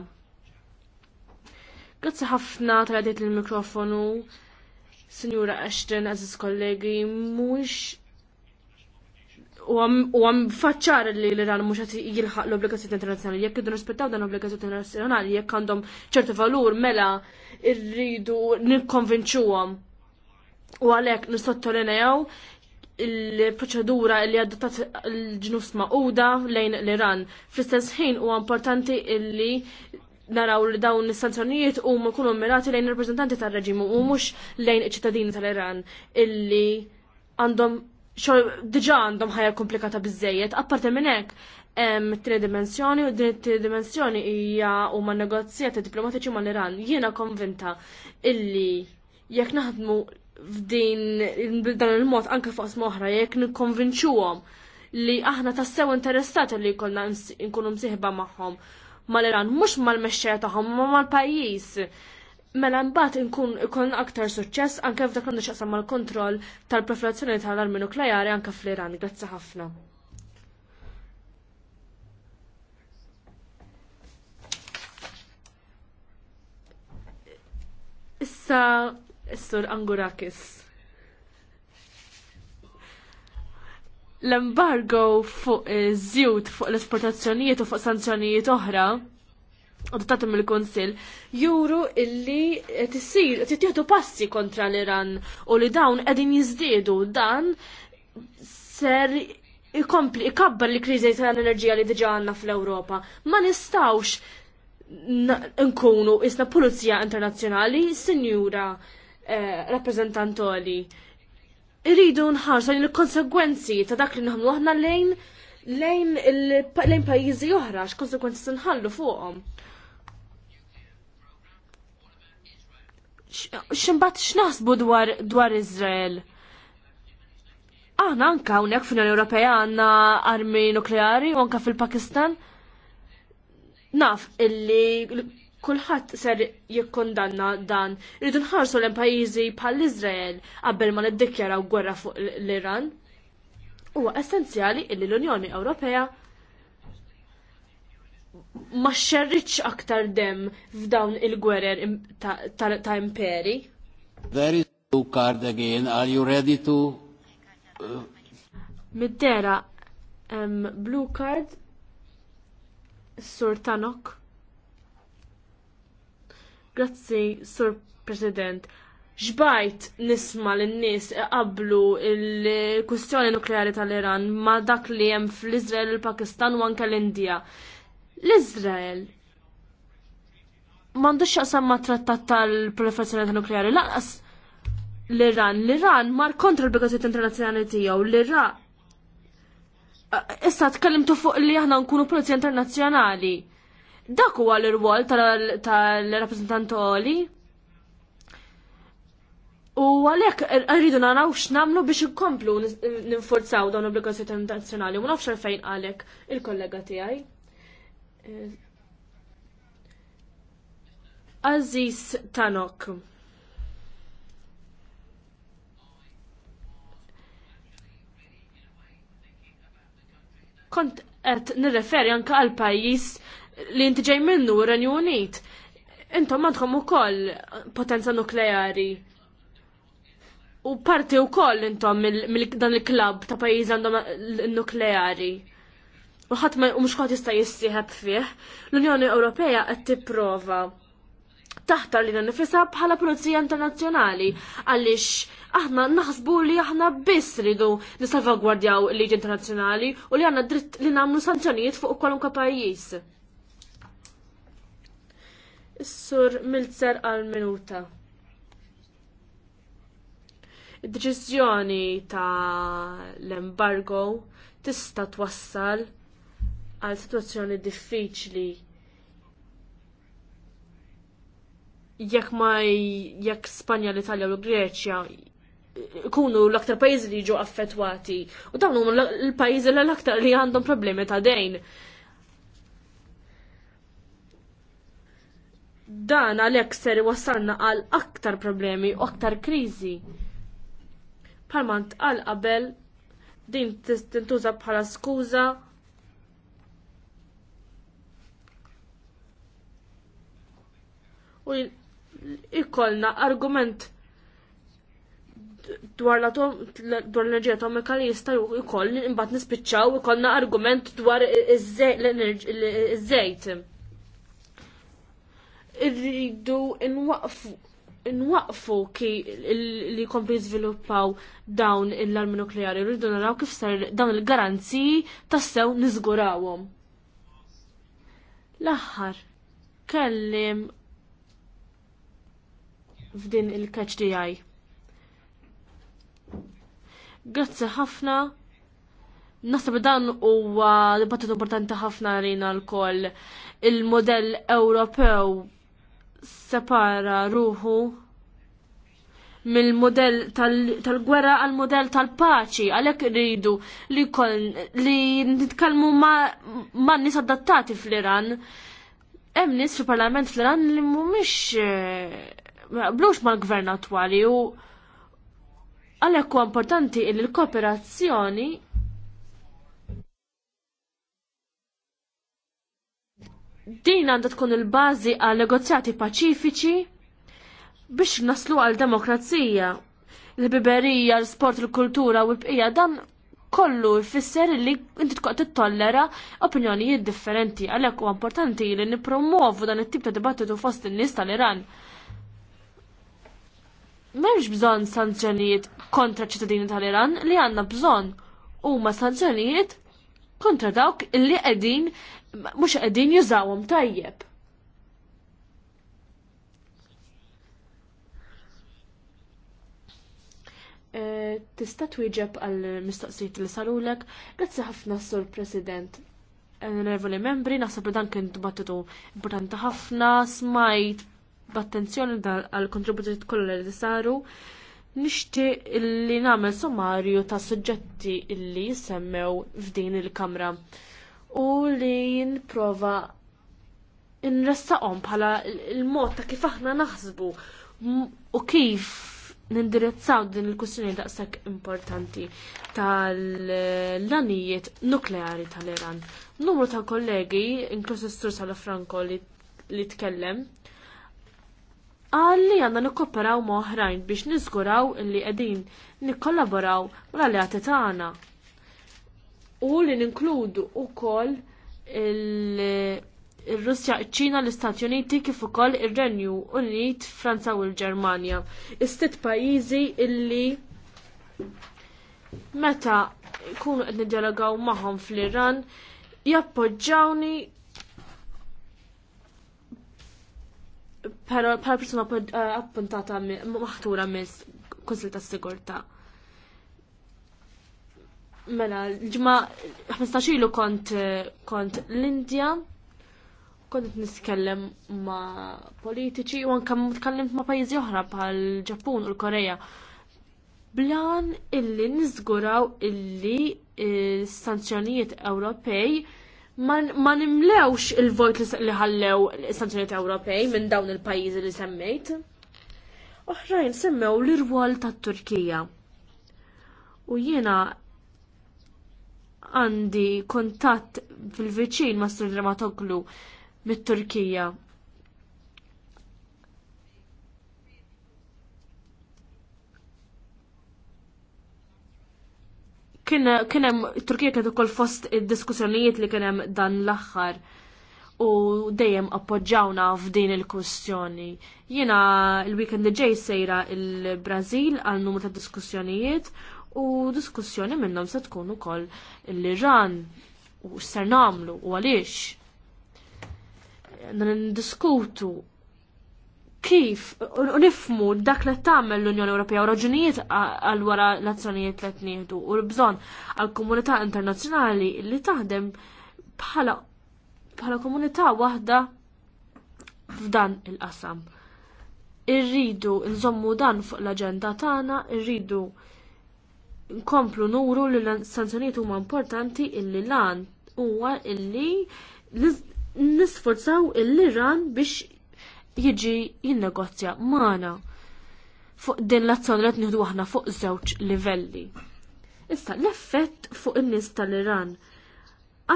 Grazzi ħafna tal-għadiet il-mikrofonu, Signora Ashton, Aziz kollegi, mux u għam faċċar li l-Iran mux għati jilħaq l-obbligazzjoni internazjonali, jekk id-dun rispettaw dan l-obbligazzjoni internazjonali, jekk għandhom ċertu valur mela irridu nikkonvinċu għam. U għalek nistottolenajaw il-proċedura li adottat l-ġnus maquda lejn l-Iran. Fl-istess ħin huwa importanti li naraw li dawn is-sanzjonijiet huma jkunu mirati lejn ir reprezentanti tar-reġim u mhux lejn iċ-ċittadini tal-Iran illi għandhom diġà għandhom ħajja komplikata bizzejiet. Apparti minn hekk hemm dimensjoni u din it-tieni dimensjoni hija huma negozjati diplomatiċi mal-Iran. Jiena konvinta illi jekk naħdmu f'din dan il-mod anke fuq oħra jekk nikkonvinċuhom li aħna tassew interessati li jkollna nkunu msieħba magħhom mal-Iran mhux mal mexxej tagħhom ma mal-pajjiż. Mela mbagħad inkun ikun aktar suċċess anke f'dak li xaqsam mal-kontroll tal preferazzjoni tal-armi nukleari anke fl-Iran. Grazzi ħafna. Issa Sur Angurakis. L-embargo fuq iż-żjud fuq l-esportazzjonijiet u fuq sanzjonijiet oħra adottati mill-Konsil juru illi tisir titieħdu passi kontra l-Iran u li dawn qegħdin jiżdiedu dan ser ikompli ikabbar li kriżi tal-enerġija li diġa għandna fl-Ewropa. Ma nistawx nkunu isna pulizija internazzjonali, sinjura Eh, rappreżentantoli. Iridu nħarsu l-konsegwenzi ta' dak li nħamlu aħna lejn lejn lejn pajjiżi oħra x'konsegwenzi se nħallu fuqhom. X'imbat x'naħsbu dwar dwar Iżrael? Aħna anka hawnhekk fl-Unjoni Ewropea għandna armi nukleari u anka fil-Pakistan. Naf illi kulħadd ser jikkondanna dan. Irridu nħarsu l pajjiżi bħal Iżrael qabel ma niddikjaraw gwerra fuq l-Iran. Huwa essenzjali illi l-Unjoni Ewropea ma xerriċ aktar dem f'dawn il-gwerer ta' imperi. Very blue card again. Are you ready to... Uh, Middera, blue card, Sur Tanok. Grazzi, Sur President. Xbajt nisma l-nis qablu il-kustjoni nukleari tal-Iran ma dak li jem fl-Izrael, il-Pakistan u anke l-Indija. L-Izrael mandu xaqsam ma trattat tal-proliferazzjoni tal-nukleari, laqas l-Iran. L-Iran mar kontra l-begaziet internazjonali tijaw, l-Iran. Issa tkellimtu fuq li aħna nkunu polizija internazzjonali Dak huwa l-irwol tal oli. U għalek er, rridu naraw x'namlu biex inkomplu ninforzaw dawn l-obbligazzjoni internazzjonali u nafx fejn għalek il-kollega tiegħi. Eh, Aziz Tanok. Kont qed nirreferi anke għal pajjiż li inti ġej minnu Renju Unit. Intom għandkom ukoll potenza nukleari. U parti wkoll intom dan il-klab ta' pajjiż għandhom nukleari. U ħadd ma mhux ħadd jista' jissieħeb fih. L-Unjoni Ewropea qed tipprova taħtar li nifisa bħala pulizija Internazzjonali għaliex aħna naħsbu li aħna biss ridu nisalvagwardjaw il-liġi internazzjonali u li għanna dritt li namlu sanzjonijiet fuq kwalunkwe pajjiż sur Milzer għal minuta. Id-deċiżjoni ta' l-embargo tista' twassal għal situazzjoni diffiċli jekk ma jekk Spanja, l-Italja u l-Greċja kunu l-aktar pajjiżi li jiġu affettwati u dawn huma l-pajjiżi l-aktar li għandhom problemi ta' dejn dan għalhekk ser wasanna għal aktar problemi u aktar kriżi. Palmant għal qabel din tintuża bħala skuża u ikkolna argument dwar l-enerġija atomika li jista' jkoll imbagħad nispiċċaw ikollna argument dwar iż-żejt irridu nwaqfu ki li kompli jizviluppaw dawn l-armi nukleari, rridu naraw kif sar dawn il-garanziji tassew nizgurawom. L-aħħar kellim f'din il-catch DI. Grazzi ħafna. Nasab dan huwa battit importanti ħafna rina l-koll. Il-modell Ewropew separa ruħu mill-modell tal-gwerra għal modell tal-paċi, għalek rridu li li nitkalmu ma' nis adattati fl-Iran. Hemm nis fil-Parlament fl-Iran li mhumiex eh, blux mal-gvern attwali u għalek u importanti li l-kooperazzjoni din għandha tkun il-bażi għal negozjati paċifiċi biex naslu għal demokrazija. Il-biberija, l-sport, il-kultura u l-bqija dan kollu jfisser li inti tkun tittollera opinjonijiet differenti għalhekk huwa importanti li nippromovu dan it-tip ta' dibattitu fost in-nies tal-Iran. M'hemmx bżonn sanzjonijiet kontra ċittadini tal-Iran li għandna bżonn huma sanzjonijiet kontra dawk li qegħdin mhux qegħdin jużawhom tajjeb. E, tista' twieġeb għal mistoqsijiet li sarulek, grazzi ħafna sur President. Nervoli membri, naħseb li dan kien dibattitu importanti ħafna, smajt b'attenzjoni għal kontributi kollha li saru. Nishti li nagħmel sommarju ta' suġġetti illi semmew f'din il-kamra u li nprova nressaqhom bħala il-mod ta' kif aħna naħsbu u kif nindirizzaw din il-kwistjoni daqshekk importanti tal-lanijiet nukleari tal-Iran. Numru ta' kollegi, inklus s-sur Franco li, li tkellem, għalli għanna nikkoperaw ma' oħrajn biex niżguraw illi qegħdin nikkollaboraw mal-alleati tagħna u li ninkludu wkoll il-Russja, iċ-Ċina, l-Istati Uniti kif ukoll ir-Renju Unit, Franza u l-Ġermanja. Istit pajizi pajjiżi illi meta jkunu qed nidjalogaw magħhom fl-Iran jappoġġawni pero persuna eh, appuntata maħtura mis konsil ta' sigurta. Mela, ġma 15 ilu kont, kont l-Indja, kont niskellem ma politiċi u anka tkellimt ma pajjiżi oħra bħal ġappun u l-Korea. Blan illi niżguraw illi s-sanzjonijiet Ewropej ma nimlewx il-vojt li ħallew s-sanzjonijiet Ewropej minn dawn il-pajjiżi li semmejt. Oħrajn semmew l-irwol tat-Turkija. U jiena għandi kontatt fil-viċin ma' Sir Dramatoglu mit-Turkija. Kien hemm Turkija kienet ukoll fost id-diskussjonijiet li kien hemm dan l-aħħar u dejjem appoġġawna f'din il kwestjoni Jiena l-weekend ġej sejra il-Brażil għal numru ta' diskussjonijiet u diskussjoni minnhom se tkun ukoll l-Iran u ser nagħmlu u għaliex. Ndiskutu kif u nifmu dak li tagħmel l-Unjoni Ewropea u raġunijiet għal wara l-azzjonijiet li tnieħdu u l-bżonn għall komunità internazzjonali li taħdem bħala bħala komunità waħda f'dan il-qasam irridu nżommu dan fuq l-agenda tagħna, irridu nkomplu nuru li l-sanzjoniet huma importanti illi lan huwa illi nisforzaw l-Iran biex jiġi jinnegozja magħna fuq din l-azzjoni li qed aħna fuq żewġ livelli. Issa l-effett fuq in-nies tal-Iran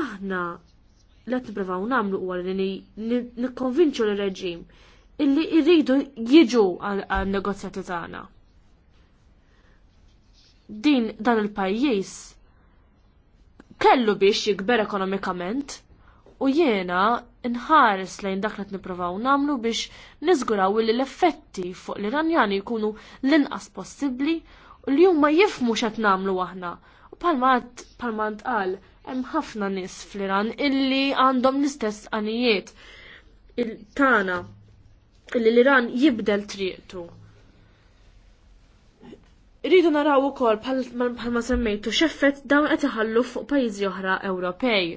aħna li qed nippruvaw nagħmlu huwa li nikkonvinċu l-reġim illi jridu jiġu għal negozjati tagħna din dan il-pajjiż kellu biex jikber ekonomikament u jiena nħares lejn dak li nipprovaw namlu biex niżguraw li l-effetti fuq l-Iranjani jkunu l-inqas possibbli u li huma jifmu x'qed namlu aħna. U palmant palmant qal hemm ħafna nies fl-Iran illi għandhom l-istess qanijiet il-tana illi l-Iran jibdel triqtu Rridu naraw ukoll ma semmejtu x'effett dawn qed iħallu fuq pajjiżi oħra Ewropej.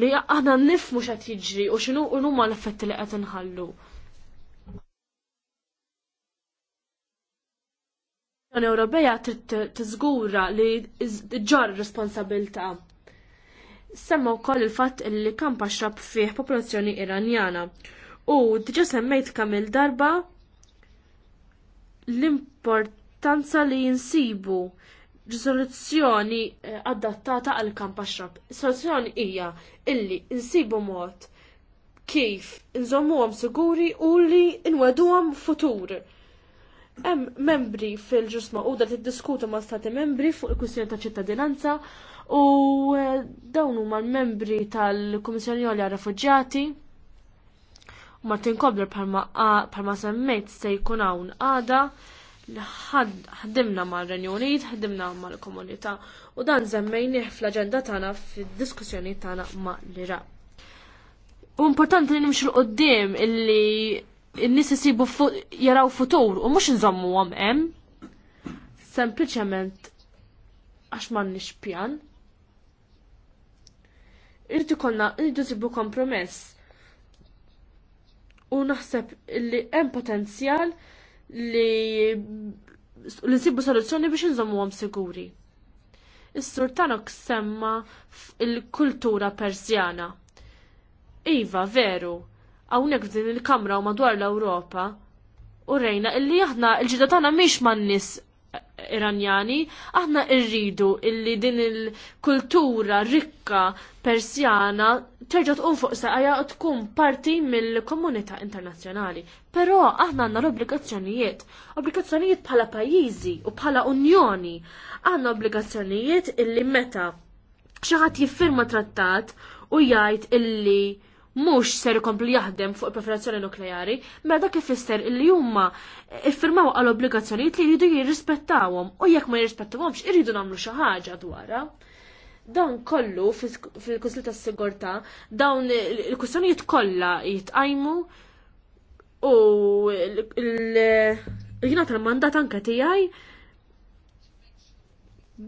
Li aħna nifmu x'qed jiġri u x'inhu huma l-effetti li qed inħallu. l-Unjoni Ewropea tiżgura li ġar responsabilta. Semma wkoll il-fatt li kampa xrab fih popolazzjoni Iranjana. U diġa semmejt kamil darba l-importanza li jinsibu soluzzjoni eh, adattata għal kamp għaxrab. Soluzzjoni hija illi insibu mod kif għom siguri u li għom futur. Hemm membri fil-ġusma u dat id-diskutu ma' stati membri fuq il-kwistjoni ta' ċittadinanza u eh, dawn huma l-membri tal-Kummissjoni għal Refuġjati Martin Kobler parma semmejt se jkun hawn għada ħaddimna mal renju Unit, ħaddimna mal-komunità u dan zemmejni fl-aġenda tagħna fid-diskussjoni tagħna ma' l-Iraq. U importanti li nimxu l-qoddim illi n-nis jisibu jaraw futur u mhux nżommu għam hemm. Sempliċement għax m'għandniex pjan. Irrid konna irti sibu kompromess u naħseb li hemm potenzjal li li nsibu soluzzjoni biex għom siguri. Is-sur Tanok semma il-kultura Persjana. Iva, veru, hawnhekk din il-kamra u madwar l-Ewropa u rejna illi aħna l ġidatana tagħna mhix man-nies Iranjani, aħna irridu illi din il-kultura rikka persjana terġa tqum fuq saqajja u tkun parti mill-komunità internazzjonali. Però aħna għandna l-obbligazzjonijiet, obbligazzjonijiet bħala pajjiżi u bħala unjoni. Għandna obbligazzjonijiet illi meta xi ħadd jiffirma trattat u jgħid illi mhux ser ikomplu jaħdem fuq preferazzjoni nukleari, mela dak ifisser li huma iffirmaw għal obbligazzjonijiet li jridu jirrispettawhom u jekk ma jirrispettawhomx irridu nagħmlu xi ħaġa dwarha. Dan kollu fil-kusli tas-sigurtà dawn il-kwistjonijiet kollha jitqajmu u l-jina tal-mandat anke tiegħi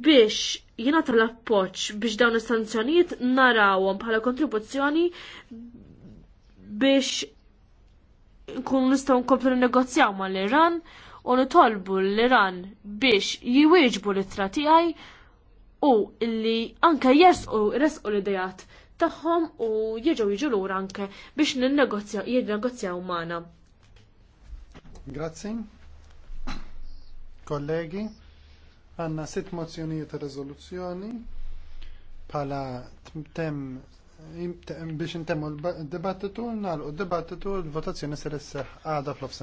biex jina tal-appoċ biex dawn is-sanzjonijiet narawhom bħala kontribuzzjoni biex nkunu nistgħu nkomplu negozjaw mal-Iran u nitolbu l-Iran biex jiwieġbu l-ittra tiegħi u li anke jersqu resqu l-idejat tagħhom u jiġu jiġu lura anke biex ninnegozjaw jinnegozjaw magħna. Grazzi. Kollegi, għanna sitt mozzjonijiet ta' rezoluzzjoni pala tem biex intemmu l-debattitu, nalqu d debattitu l-votazzjoni s-sir s isseħ għada fl